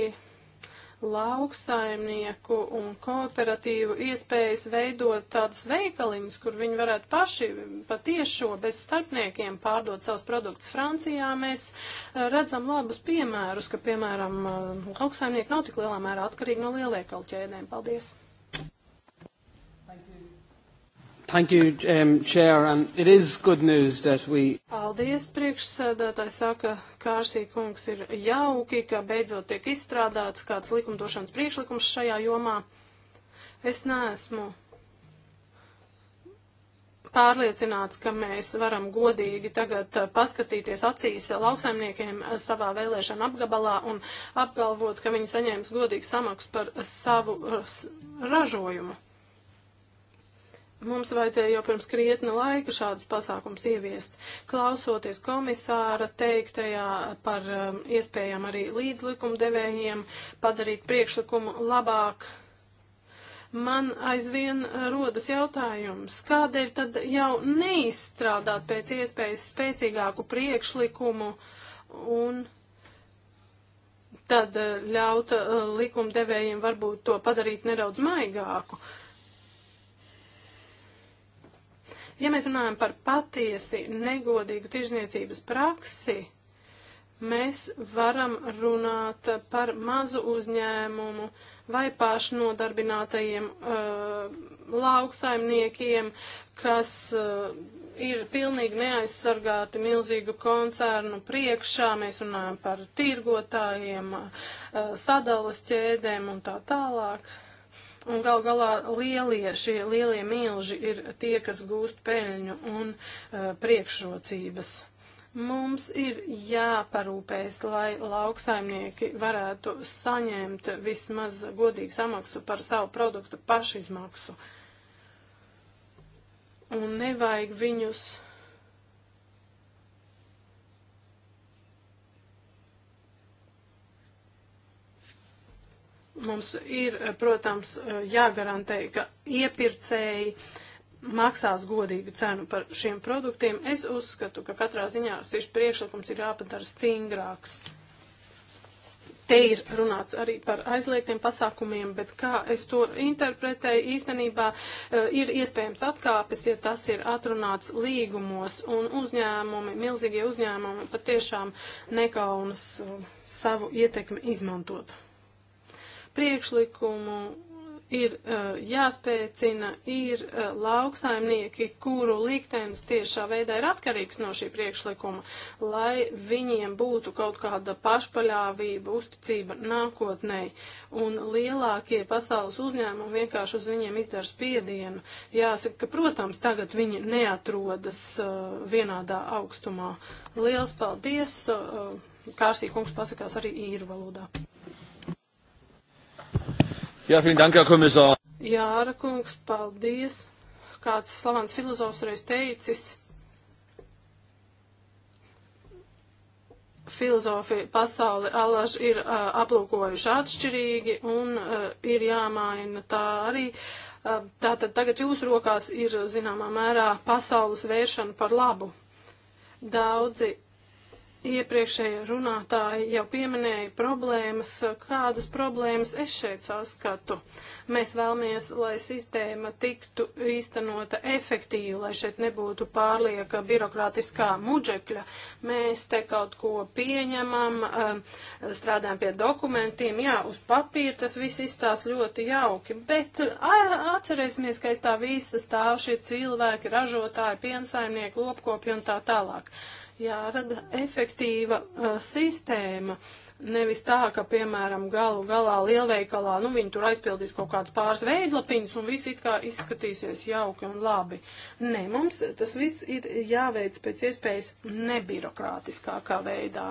lauksaimnieku un kooperatīvu iespējas veidot tādus veikaliņus, kur viņi varētu paši patiešo bez starpniekiem pārdot savus produktus. Francijā mēs eh, redzam labus piemērus, ka, piemēram, eh, lauksaimnieki nav tik lielā mērā atkarīgi no lielveikalu ķēdēm. Paldies! Thank you, um, Chair, and it is good news that we. Paldies, priekšsēdētāji saka, Kārsī kungs ir jauki, ka beidzot tiek izstrādāts kāds likumdošanas priekšlikums šajā jomā. Es neesmu pārliecināts, ka mēs varam godīgi tagad paskatīties acīs lauksaimniekiem savā vēlēšana apgabalā un apgalvot, ka viņi saņēmis godīgu samaksu par savu ražojumu. Mums vajadzēja jau pirms krietna laika šādus pasākums ieviest. Klausoties komisāra teiktajā par um, iespējām arī līdzlikumdevējiem padarīt priekšlikumu labāk, man aizvien rodas jautājums, kādēļ tad jau neizstrādāt pēc iespējas spēcīgāku priekšlikumu un tad uh, ļaut uh, likumdevējiem varbūt to padarīt nedaudz maigāku. Uh, Ja mēs runājam par patiesi negodīgu tirzniecības praksi, mēs varam runāt par mazu uzņēmumu vai pašnodarbinātajiem uh, lauksaimniekiem, kas uh, ir pilnīgi neaizsargāti milzīgu koncernu priekšā. Mēs runājam par tirgotājiem, uh, sadalas ķēdēm un tā tālāk. Un gal galā lielie, šie lielie milži ir tie, kas gūst peļņu un uh, priekšrocības. Mums ir jāparūpējas, lai lauksaimnieki varētu saņemt vismaz godīgu samaksu par savu produktu pašizmaksu. Un nevajag viņus Mums ir, eh, protams, eh, jāgarantē, ka iepirkēji maksās godīgu cenu par šiem produktiem. Es uzskatu, ka katrā ziņā šis priekšlikums ir jāpadara stingrāks. Te ir runāts arī par aizliegtiem pasākumiem, bet kā es to interpretēju, īstenībā eh, ir iespējams atkāpes, ja tas ir atrunāts līgumos un uzņēmumi, milzīgie uzņēmumi patiešām nekaunas savu ietekmi izmantot priekšlikumu ir uh, jāspēcina, ir uh, lauksaimnieki, kuru liktenis tiešā veidā ir atkarīgs no šī priekšlikuma, lai viņiem būtu kaut kāda pašpaļāvība, uzticība nākotnē. Un lielākie pasaules uzņēmumi vienkārši uz viņiem izdara spiedienu. Jāsaka, ka, protams, tagad viņi neatrodas uh, vienādā augstumā. Liels paldies! Uh, Kārsī kungs pasakās arī īru valodā. Jā, dank, komisār. Jāra kungs, paldies. Kāds slavens filozofs reiz teicis. Filozofi pasauli alaž ir uh, aplūkojuši atšķirīgi un uh, ir jāmaina tā arī. Uh, tātad tagad jūsu rokās ir zināmā mērā pasaules vēršana par labu. Daudzi Iepriekšēji runātāji jau pieminēja problēmas, kādas problēmas es šeit saskatu. Mēs vēlamies, lai sistēma tiktu īstenota efektīvi, lai šeit nebūtu pārlieka birokrātiskā muģekļa. Mēs te kaut ko pieņemam, um, strādājam pie dokumentiem, jā, uz papīra tas viss izstās ļoti jauki, bet atcerēsimies, ka aiz tā visa stāv šie cilvēki, ražotāji, piensaimnieki, lopkopi un tā tālāk jārada efektīva uh, sistēma. Nevis tā, ka, piemēram, galu galā lielveikalā, nu, viņi tur aizpildīs kaut kādus pāris veidlapiņus un viss it kā izskatīsies jauki un labi. Nē, mums tas viss ir jāveic pēc iespējas nebirokrātiskākā veidā.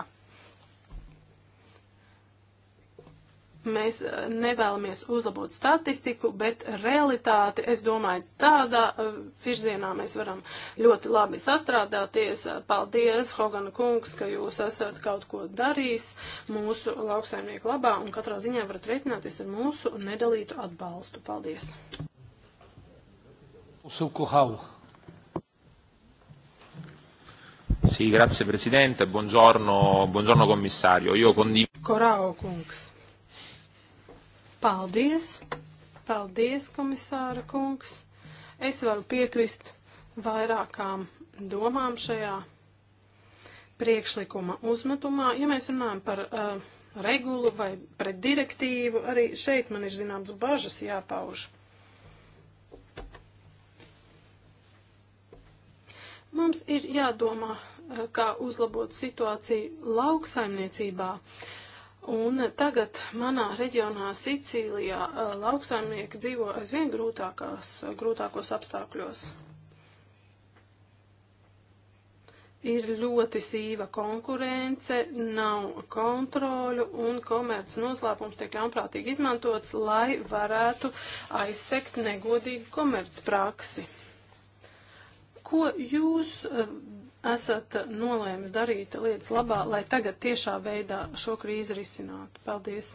Mēs eh, nevēlamies uzlabot statistiku, bet realitāti, es domāju, tādā eh, virzienā mēs varam ļoti labi sastrādāties. Paldies, Hogana kungs, ka jūs esat kaut ko darījis mūsu lauksaimnieku labā un katrā ziņā varat reiķināties ar mūsu nedalītu atbalstu. Paldies! Sì, grazie Presidente, buongiorno, buongiorno Commissario. Io condivido. Corao Kungs. Paldies! Paldies, komisāra kungs! Es varu piekrist vairākām domām šajā priekšlikuma uzmetumā. Ja mēs runājam par uh, regulu vai pret direktīvu, arī šeit man ir zināms bažas jāpauž. Mums ir jādomā, uh, kā uzlabot situāciju lauksaimniecībā. Uh, Un tagad manā reģionā Sicīlijā lauksaimnieki dzīvo aizvien grūtākās, grūtākos apstākļos. Ir ļoti sīva konkurence, nav kontroļu un komerces noslēpums tiek ļaunprātīgi izmantots, lai varētu aizsekt negodīgu komerces praksi. Ko jūs esat nolēmis darīt lietas labā, lai tagad tiešā veidā šo krīzi risinātu? Paldies!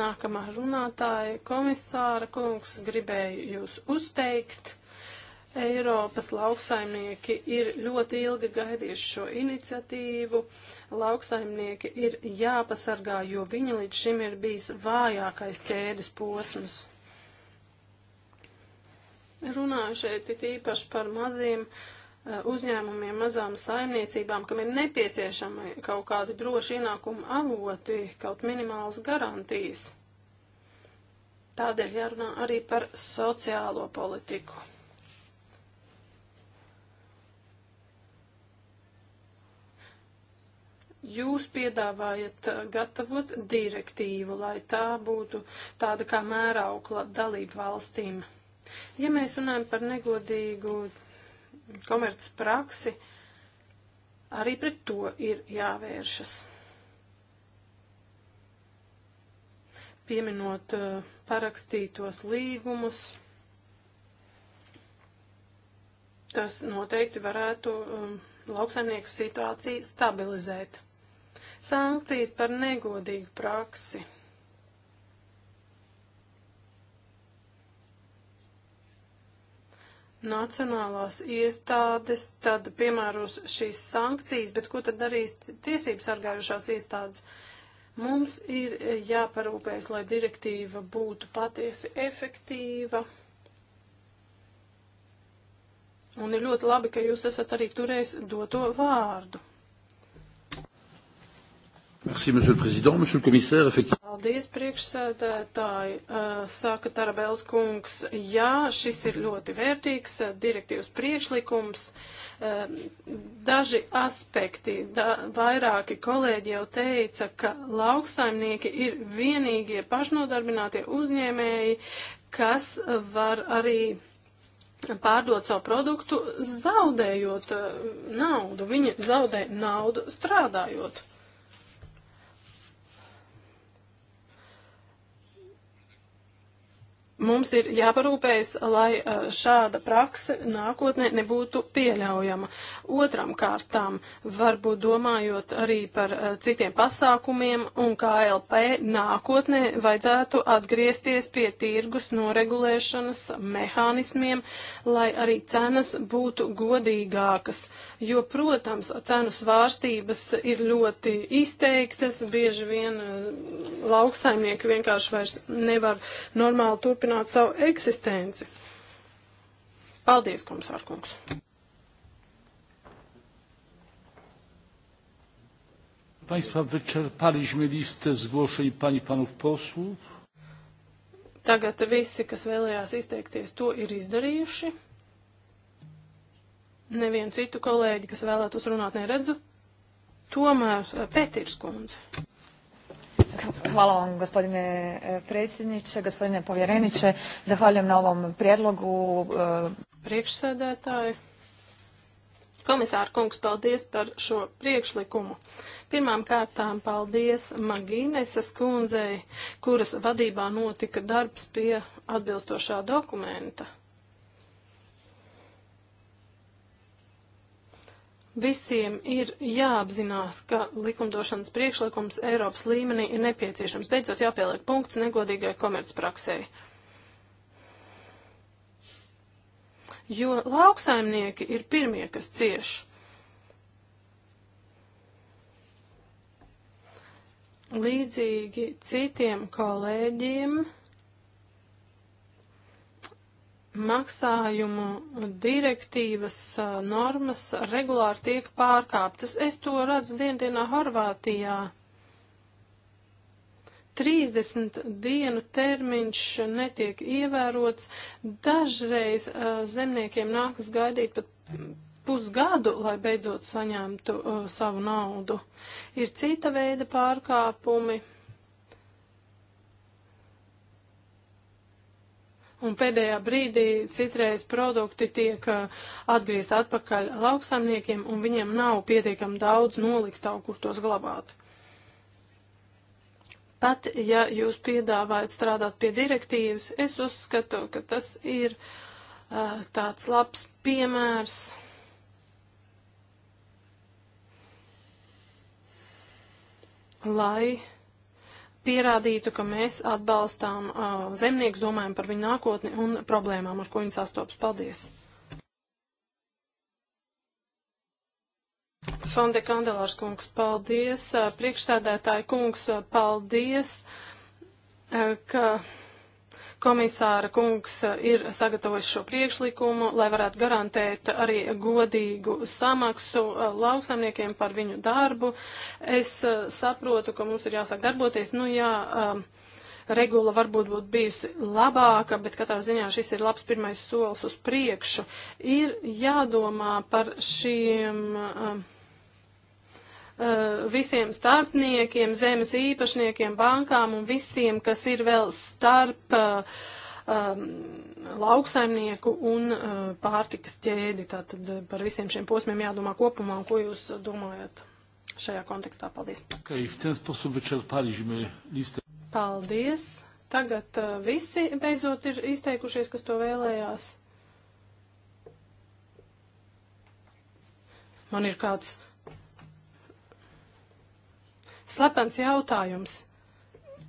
Nākamā runātāja komisāra kungs gribēju jūs uzteikt. Eiropas lauksaimnieki ir ļoti ilgi gaidījuši šo iniciatīvu. Lauksaimnieki ir jāpasargā, jo viņi līdz šim ir bijis vājākais ķēdes posms. Runāju šeit it īpaši par maziem eh, uzņēmumiem, mazām saimniecībām, kam ir nepieciešama kaut kāda droša ienākuma avoti, kaut minimāls garantijas. Tādēļ jārunā arī par sociālo politiku. Jūs piedāvājat eh, gatavot direktīvu, lai tā būtu tāda kā mēraukla dalību valstīm. Ja mēs runājam par negodīgu komerces praksi, arī pret to ir jāvēršas. Pieminot eh, parakstītos līgumus, tas noteikti varētu um, lauksaimnieku situāciju stabilizēt. Sankcijas par negodīgu praksi. nacionālās iestādes tad piemēros šīs sankcijas, bet ko tad darīs tiesības sargājušās iestādes? Mums ir jāparūpēs, lai direktīva būtu patiesi efektīva. Un ir ļoti labi, ka jūs esat arī turējis doto vārdu. Merci, monsieur le président, monsieur le commissaire, effectivement. Paldies, priekšsēdētāji, uh, saka Tarabels kungs. Jā, šis ir ļoti vērtīgs uh, direktīvas priekšlikums. Uh, daži aspekti, da, vairāki kolēģi jau teica, ka lauksaimnieki ir vienīgie pašnodarbinātie uzņēmēji, kas var arī pārdot savu produktu, zaudējot naudu. Viņi zaudē naudu strādājot. Mums ir jāparūpējas, lai šāda prakse nākotnē nebūtu pieļaujama. Otram kārtām, varbūt domājot arī par citiem pasākumiem un KLP nākotnē, vajadzētu atgriezties pie tirgus noregulēšanas mehānismiem, lai arī cenas būtu godīgākas. Uh, jo, protams, cenu svārstības ir ļoti izteiktas, bieži vien eh, lauksaimnieki vienkārši vairs nevar normāli turpināt savu eksistenci. Paldies, komisārkungs! Państwa, wyczerpaliśmy listę zgłoszeń pani i panów posłów. Tagad visi, kas vēlējās izteikties, to ir izdarījuši. Nevienu citu kolēģi, kas vēlētos runāt, neredzu. Tomēr eh, Petirs kundze. Hvala vam gospodine eh, predsjedniče, gospodine povjereniče. Zahvaljujem na ovom prijedlogu. Eh, Priekšsēdētāji. Komisāra kungs, paldies par šo priekšlikumu. Pirmām kārtām paldies Magīneses kundzei, kuras vadībā notika darbs pie atbilstošā dokumenta. Visiem ir jāapzinās, ka likumdošanas priekšlikums Eiropas līmenī ir nepieciešams. Beidzot jāpieliek punkts negodīgai komercpraksē. Jo lauksaimnieki ir pirmie, kas cieš. Līdzīgi citiem kolēģiem maksājumu direktīvas normas regulāri tiek pārkāptas. Es to redzu diendienā Horvātijā. 30 dienu termiņš netiek ievērots. Dažreiz uh, zemniekiem nākas gaidīt pat pusgadu, lai beidzot saņemtu uh, savu naudu. Ir cita veida pārkāpumi. Uh, Un pēdējā brīdī citreiz produkti tiek uh, atgriezt atpakaļ lauksaimniekiem, un viņiem nav pietiekam daudz noliktavu, kur tos glabāt. Pat ja jūs piedāvājat strādāt pie direktīvas, es uzskatu, ka tas ir uh, tāds labs piemērs. Lai pierādītu, ka mēs atbalstām uh, zemniekus, domājam par viņu nākotni un problēmām, ar ko viņi sastopas. Paldies! Fonde Kandelārs kungs, paldies! Uh, Priekšstādētāji kungs, uh, paldies! Uh, ka komisāra kungs ir sagatavojis šo priekšlikumu, lai varētu garantēt arī godīgu samaksu eh, lauksamniekiem par viņu darbu. Es eh, saprotu, ka mums ir jāsāk darboties. Nu, jā, eh, regula varbūt būtu bijusi labāka, bet katrā ziņā šis ir labs pirmais solis uz priekšu. Ir jādomā par šiem. Uh, Eh, visiem starpniekiem, zemes īpašniekiem, bankām un visiem, kas ir vēl starp um, lauksaimnieku un uh, pārtikas ķēdi. Tātad par visiem šiem posmiem jādomā kopumā, un ko jūs domājat šajā kontekstā. Paldies. Paldies. Tagad uh, visi beidzot ir izteikušies, kas to vēlējās. Man ir kāds Slepens jautājums.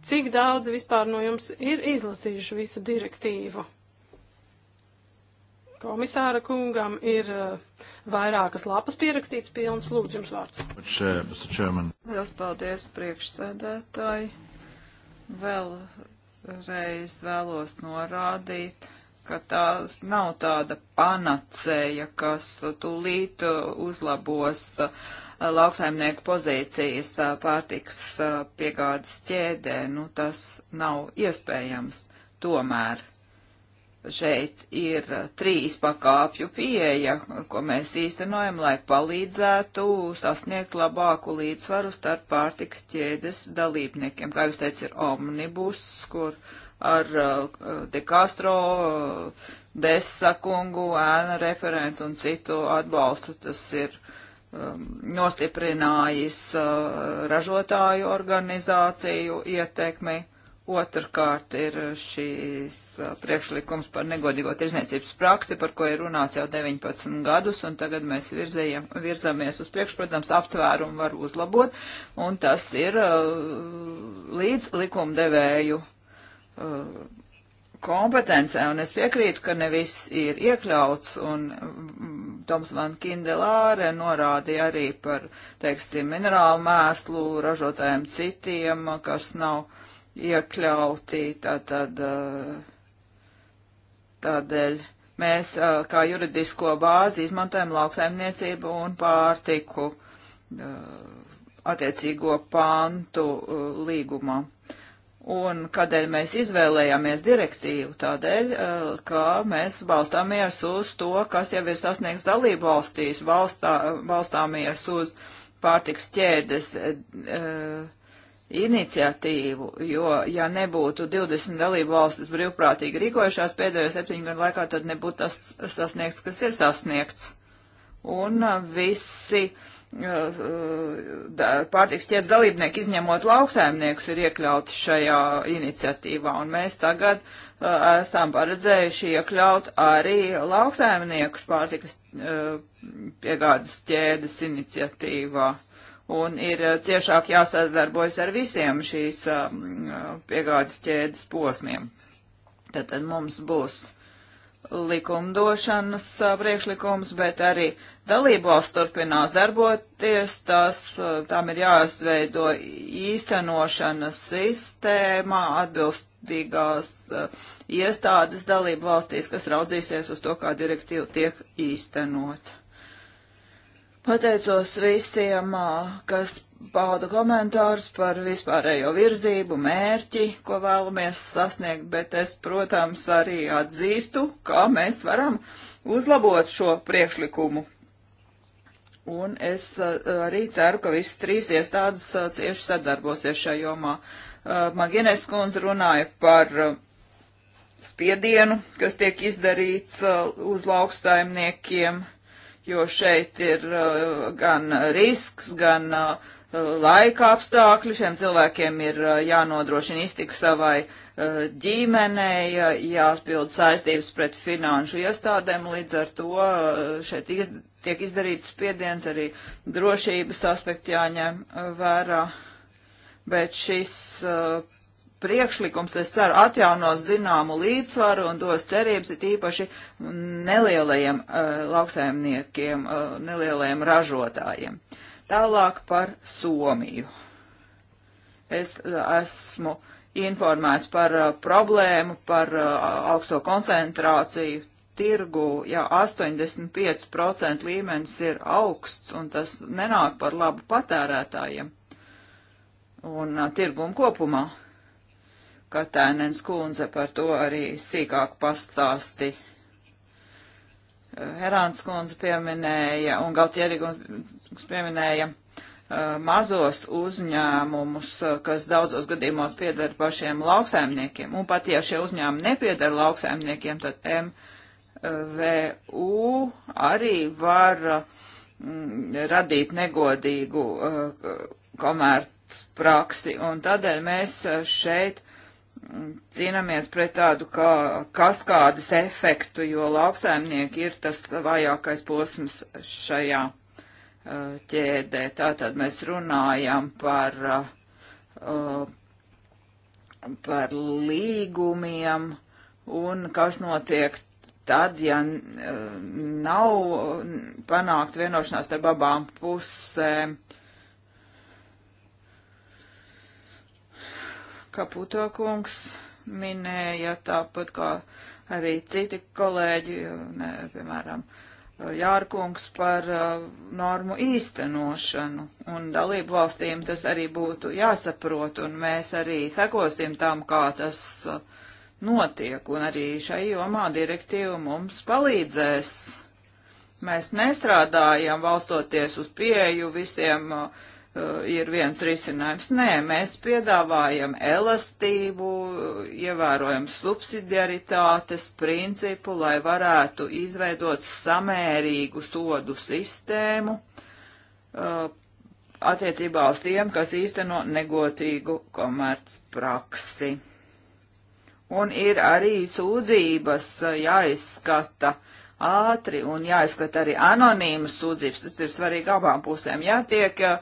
Cik daudz vispār no jums ir izlasījuši visu direktīvu? Komisāra kungam ir eh, vairākas lapas pierakstīts pilns. Lūdzu, jums vārds. Lielas paldies, priekšsēdētāji. Vēlreiz vēlos norādīt, ka tā nav tāda panacēja, kas tūlīt uh, uzlabos uh, lauksaimnieku pozīcijas uh, pārtiks piegādes ķēdē. Nu, tas nav iespējams tomēr šeit ir trīs pakāpju pieeja, ko mēs īstenojam, lai palīdzētu sasniegt labāku līdzsvaru starp pārtiks ķēdes dalībniekiem. Kā jūs teicat, ir omnibus, kur uh, ar uh, De Castro, Desakungu, ēna referentu un citu atbalstu. Tas ir um, nostiprinājis uh, ražotāju organizāciju ietekmi. Otrkārt ir šīs uh, priekšlikums par negodīgo tirzniecības praksi, par ko ir runāts jau 19 gadus, un tagad mēs virzējam, virzamies uz priekšu, protams, aptvērumu var uzlabot, un tas ir uh, līdz likumdevēju Uh, kompetencē, un es piekrītu, ka ne viss ir iekļauts, un mm, Toms Van Kindelāre norādīja arī par, teiksim, minerālu mēslu ražotājiem citiem, kas nav iekļauti, tātad uh, tādēļ mēs uh, kā juridisko bāzi izmantojam lauksaimniecību un pārtiku attiecīgo pantu līgumā. Un kādēļ mēs izvēlējāmies direktīvu? Tādēļ, eh, ka mēs balstāmies uz to, kas jau ir sasniegts dalību valstīs, balstā, balstāmies uz pārtiks ķēdes e, iniciatīvu, jo, ja nebūtu 20 dalību valstis brīvprātīgi rīkojušās pēdējo septiņu gadu laikā, tad nebūtu tas sasniegts, kas ir sasniegts. Un eh, visi uh, pārtiks ķēdes dalībnieki, izņemot lauksaimniekus, ir iekļauti šajā iniciatīvā, un mēs tagad uh, esam paredzējuši iekļaut arī lauksaimniekus pārtiks uh, piegādes ķēdes iniciatīvā. Un ir uh, ciešāk jāsadarbojas ar visiem šīs um, uh, piegādes ķēdes posmiem. Tad, tad mums būs likumdošanas uh, priekšlikums, bet arī uh, dalībvalsts turpinās darboties, tas, eh, tam ir jāizveido īstenošanas sistēma, atbilstīgās eh, iestādes dalībvalstīs, kas raudzīsies uz to, kā direktīva tiek īstenot. Pateicos visiem, eh, kas pauda komentārus par vispārējo virzību, mērķi, ko vēlamies sasniegt, bet es, protams, arī atzīstu, kā mēs varam uzlabot šo priekšlikumu Un es eh, arī ceru, ka visas trīs iestādes eh, cieši sadarbosies šajā jomā. Eh, Magines kundze runāja par spiedienu, kas tiek izdarīts uz lauksaimniekiem, jo šeit ir gan risks, gan laika apstākļi. Šiem cilvēkiem ir jānodrošina iztiku savai ģimenei, jāpild saistības pret finanšu iestādēm, līdz ar to šeit izdarīt tiek izdarīts spiediens, arī drošības aspekti jāņem uh, vērā. Bet šis uh, priekšlikums, es ceru, atjaunos zināmu līdzsvaru un dos cerības it īpaši nelielajiem uh, lauksaimniekiem, uh, nelielajiem ražotājiem. Tālāk par Somiju. Es uh, esmu informēts par uh, problēmu, par uh, augsto koncentrāciju tirgu jau 85% līmenis ir augsts, un tas nenāk par labu patērētājiem un a, tirgumu kopumā. Katēnens kundze par to arī sīkāk pastāsti. Herāns kundze pieminēja un Galtieri kundze pieminēja mazos uzņēmumus, kas daudzos gadījumos piedara pašiem lauksaimniekiem. Un pat ja šie uzņēmumi nepiedara lauksaimniekiem, tad MVU VU arī var radīt negodīgu komerc praksi, un tādēļ mēs šeit cīnāmies pret tādu kā kaskādas efektu, jo lauksaimnieki ir tas vajākais posms šajā ķēdē. Tātad mēs runājam par, par līgumiem un kas notiek tad, ja eh, nav panākt vienošanās starp abām pusēm, Kaputo kungs minēja tāpat kā arī citi kolēģi, ne, piemēram, Jārkungs par eh, normu īstenošanu un dalību valstīm tas arī būtu jāsaprot un mēs arī sekosim tam, kā tas uh, notiek, un arī šai jomā direktīva mums palīdzēs. Mēs nestrādājam valstoties uz pieju visiem uh, ir viens risinājums. Nē, mēs piedāvājam elastību, uh, ievērojam subsidiaritātes principu, lai varētu izveidot samērīgu sodu sistēmu uh, attiecībā uz tiem, kas īsteno negotīgu komerc praksi. Un ir arī sūdzības eh, jāizskata ātri un jāizskata arī anonīmas sūdzības. Tas ir svarīgi abām pusēm. Ja tiek eh,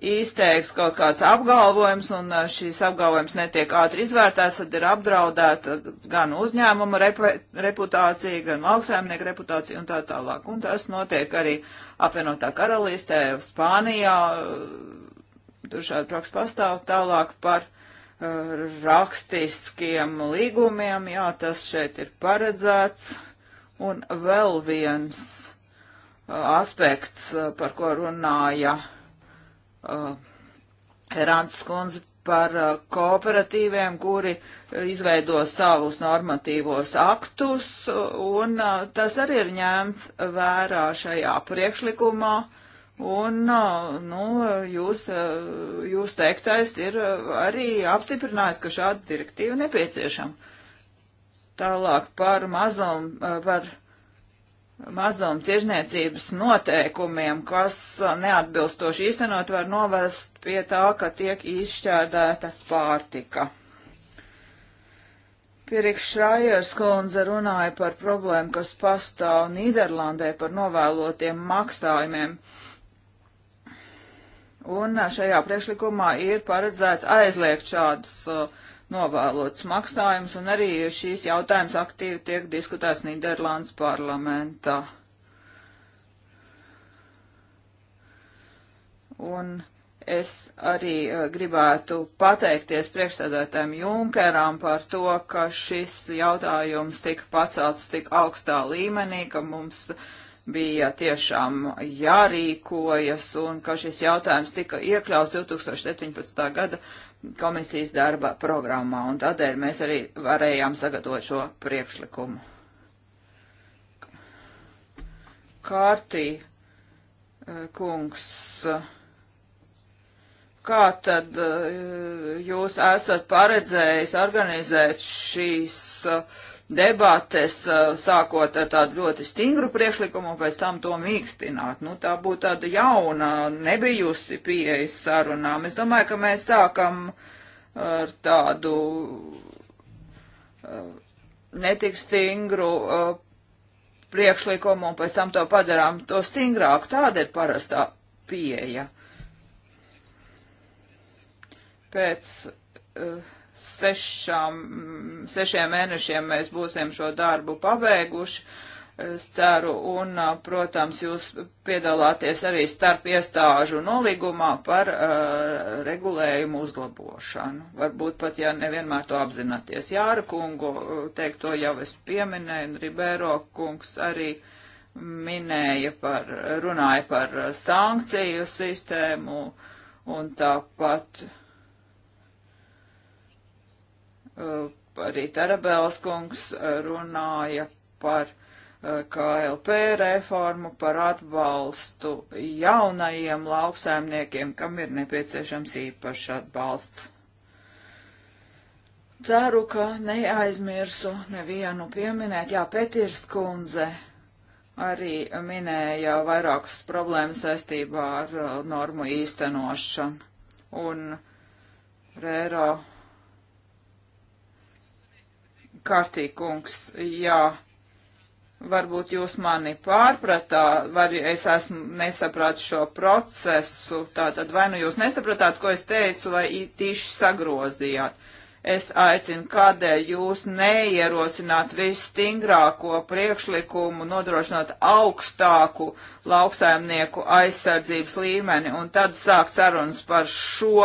izteikts kaut kāds apgalvojums un eh, šīs apgalvojums netiek ātri izvērtēts, tad ir apdraudēta gan uzņēmuma reputācija, gan lauksēmnieka reputācija un tā tālāk. Un tas notiek arī apvienotā karalistē, Spānijā, tur šādi praks pastāv tālāk par rakstiskiem līgumiem. Jā, tas šeit ir paredzēts. Un vēl viens uh, aspekts, uh, par ko runāja uh, Erants Kunze par kooperatīviem, kuri izveido savus normatīvos aktus, un tas arī ir ņemts vērā šajā priekšlikumā. Uh, Un, nu, jūs, jūs teiktais ir arī apstiprinājis, ka šāda direktīva nepieciešama. Tālāk par mazumu, par mazumu tiešniecības noteikumiem, kas neatbilstoši īstenot var novest pie tā, ka tiek izšķērdēta pārtika. Pieriks Šrājers kundze runāja par problēmu, kas pastāv Nīderlandē par novēlotiem maksājumiem. Uh, Un šajā priekšlikumā ir paredzēts aizliegt šādus uh, novēlots maksājums, un arī šīs jautājums aktīvi tiek diskutēts Nīderlandes parlamentā. Un es arī gribētu pateikties priekšstādātājiem Junkeram par to, ka šis jautājums tika pacelts tik augstā līmenī, ka mums uh, bija tiešām jārīkojas un ka šis jautājums tika iekļauts 2017. gada komisijas darba programmā, un tādēļ mēs arī varējām sagatavot šo priekšlikumu. Kārtī, eh, kungs, kā tad eh, jūs esat paredzējis organizēt šīs uh, debates, eh, sākot ar tādu ļoti stingru priekšlikumu un pēc tam to mīkstināt. Nu, tā būtu tāda jauna, nebijusi pieeja sarunām. Es domāju, ka mēs sākam ar tādu eh, netik stingru eh, priekšlikumu un pēc tam to padarām to stingrāku. Tāda ir parastā pieeja. Pēc uh, sešām, sešiem mēnešiem mēs būsim šo darbu pabeiguši. Es ceru, un, protams, jūs piedalāties arī starp iestāžu nolīgumā par uh, regulējumu uzlabošanu. Varbūt pat, ja nevienmēr to apzināties. Jāra kungu teikto jau es pieminēju, un Ribēro kungs arī minēja par, runāja par sankciju sistēmu, un tāpat. Uh, Uh, arī Tarabēls kungs uh, runāja par uh, KLP reformu, par atbalstu jaunajiem lauksaimniekiem, kam ir nepieciešams īpašs atbalsts. Ceru, ka neaizmirsu nevienu pieminēt. Jā, Petirs kundze arī minēja vairākas problēmas saistībā ar normu īstenošanu. Un Rēro Kārtīkungs, jā, varbūt jūs mani pārpratāt, var es esmu nesaprāt šo procesu, tātad vai nu jūs nesapratāt, ko es teicu, vai tīši sagrozījāt. Es aicinu, kādēļ jūs neierosināt visstingrāko priekšlikumu, nodrošinot augstāku lauksaimnieku aizsardzības līmeni un tad sākt sarunas par šo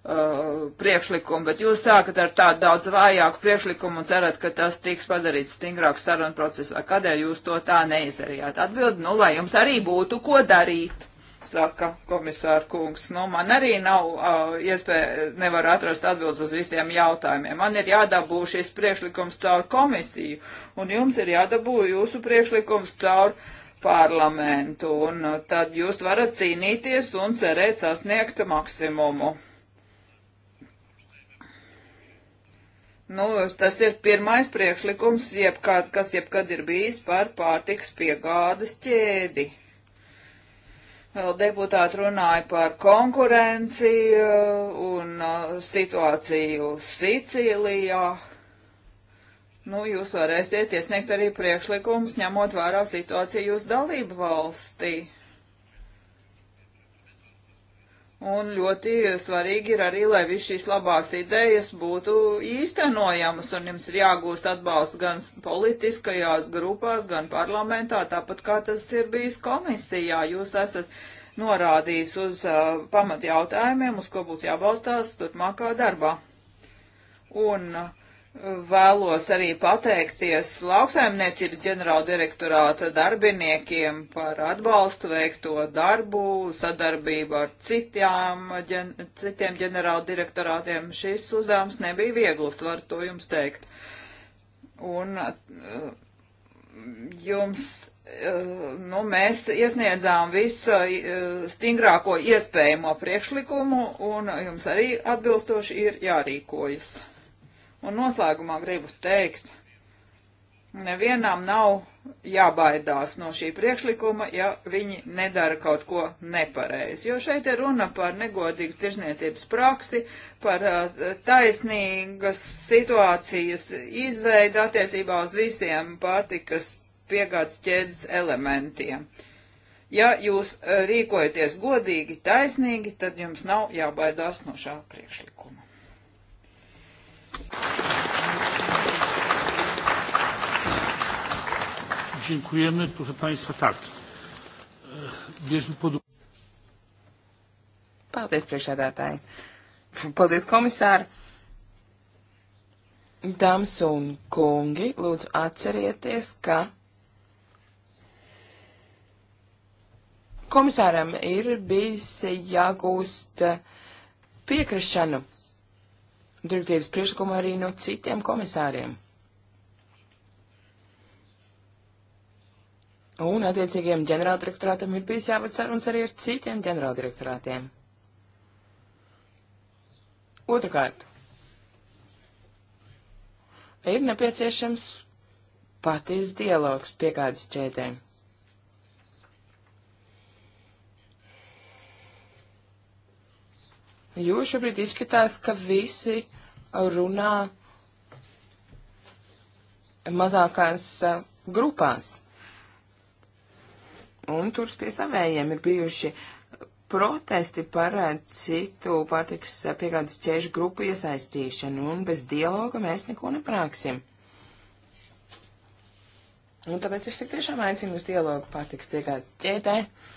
Uh, priekšlikumu, bet jūs sākat ar tādu daudz vājāku priekšlikumu un cerat, ka tas tiks padarīts stingrāks sarunu procesā. Kādēļ jūs to tā neizdarījāt? Atbild, nu, lai jums arī būtu ko darīt, saka komisāra kungs. Nu, man arī nav uh, iespēja, nevar atrast atbildes uz visiem jautājumiem. Man ir jādabū šis priekšlikums caur komisiju, un jums ir jādabū jūsu priekšlikums caur parlamentu, un uh, tad jūs varat cīnīties un cerēt sasniegt maksimumu. Nu, tas ir pirmais priekšlikums, jebkād, kas jebkad ir bijis par pārtiks piegādes ķēdi. Vēl deputāti runāja par konkurenci uh, un uh, situāciju Sicīlijā. Nu, jūs varēsiet iesniegt arī priekšlikumus, ņemot vērā situāciju jūsu dalību valstī. Un ļoti svarīgi ir arī, lai viss šīs labās idejas būtu īstenojamas, un jums ir jāgūst atbalsts gan politiskajās grupās, gan parlamentā, tāpat kā tas ir bijis komisijā. Jūs esat norādījis uz uh, pamat jautājumiem, uz ko būtu jābalstās turpmākā darbā. Un uh, Vēlos arī pateikties lauksaimniecības ģenerāldirektorāta darbiniekiem par atbalstu veikto darbu, sadarbību ar citām, ģen, citiem ģenerāldirektorātiem. Šis uzdevums nebija viegls, var to jums teikt. Un eh, jums, eh, nu, mēs iesniedzām visu eh, stingrāko iespējamo priekšlikumu, un jums arī atbilstoši ir jārīkojas. Un noslēgumā gribu teikt, nevienam nav jābaidās no šī priekšlikuma, ja viņi nedara kaut ko nepareizi. Jo šeit ir runa par negodīgu tirzniecības praksi, par uh, taisnīgas situācijas izveidu attiecībā uz visiem pārtikas piegādes ķēdes elementiem. Ja jūs rīkojaties godīgi, taisnīgi, tad jums nav jābaidās no šā priekšlikuma. Dziękujemy. Proszę Państwa, tak. E, bierzmy pod Paldies, priekšsēdētāji. Paldies, komisāri. Dāmas un kungi, lūdzu atcerieties, ka komisāram ir bijis jāgūst piekrišanu direktīvas priekšlikumu arī no citiem komisāriem. Un attiecīgiem ģenerāldirektorātam ir bijis jāved sarunas arī ar citiem ģenerāldirektorātiem. Otrakārt, ir nepieciešams patīs dialogs pie kādas ķēdēm. jo šobrīd izskatās, ka visi runā mazākās uh, grupās. Un tur pie savējiem ir bijuši protesti par uh, citu pārtiks uh, piegādes ķēžu grupu iesaistīšanu, un bez dialoga mēs neko neprāksim. Un tāpēc es tik tiešām aicinu uz dialogu pārtiks piegādes ķēdē. Uh,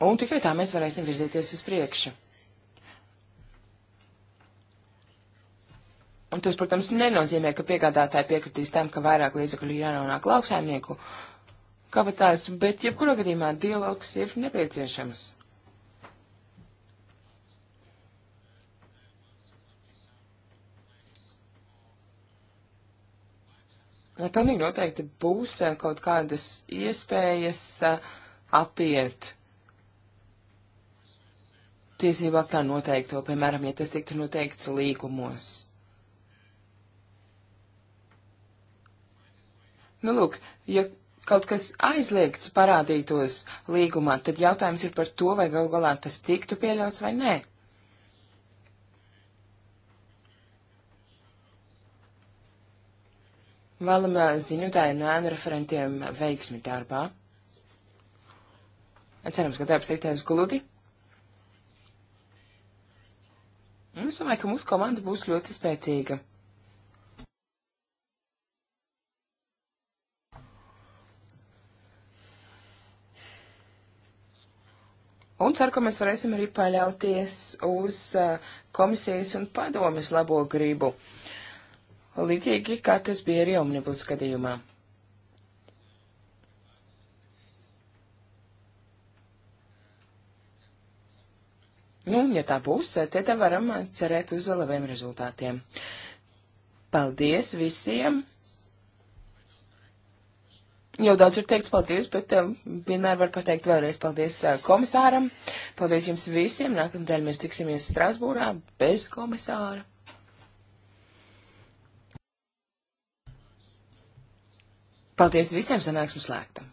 Un tikai tā mēs varēsim virzīties uz priekšu. Un tas, protams, nenozīmē, ka piegādātāji piekritīs tam, ka vairāk līdzekļu ir jānonāk lauksaimnieku kabatās, bet jebkurā gadījumā dialogs ir nepieciešams. Pilnīgi noteikti būs eh, kaut kādas iespējas eh, apiet tiesību aktā noteikto, piemēram, ja tas tiktu noteikts līgumos. Nu, lūk, ja kaut kas aizliegts parādītos līgumā, tad jautājums ir par to, vai gal galā tas tiktu pieļauts vai nē. Vēlam ziņotāju no ēnu referentiem veiksmi darbā. Cerams, ka darbs tiktēs gludi. Un es domāju, ka mūsu komanda būs ļoti spēcīga. Un ceru, ka mēs varēsim arī paļauties uz eh, komisijas un padomes labo gribu. Līdzīgi kā tas bija arī omnibus gadījumā. Nu, ja tā būs, eh, tad varam eh, cerēt uz labiem rezultātiem. Paldies visiem! Jau daudz ir teikts paldies, bet uh, vienmēr var pateikt vēlreiz paldies uh, komisāram. Paldies jums visiem. Nākamdēļ mēs tiksimies Strasbūrā bez komisāra. Paldies visiem sanāksmu slēgtam.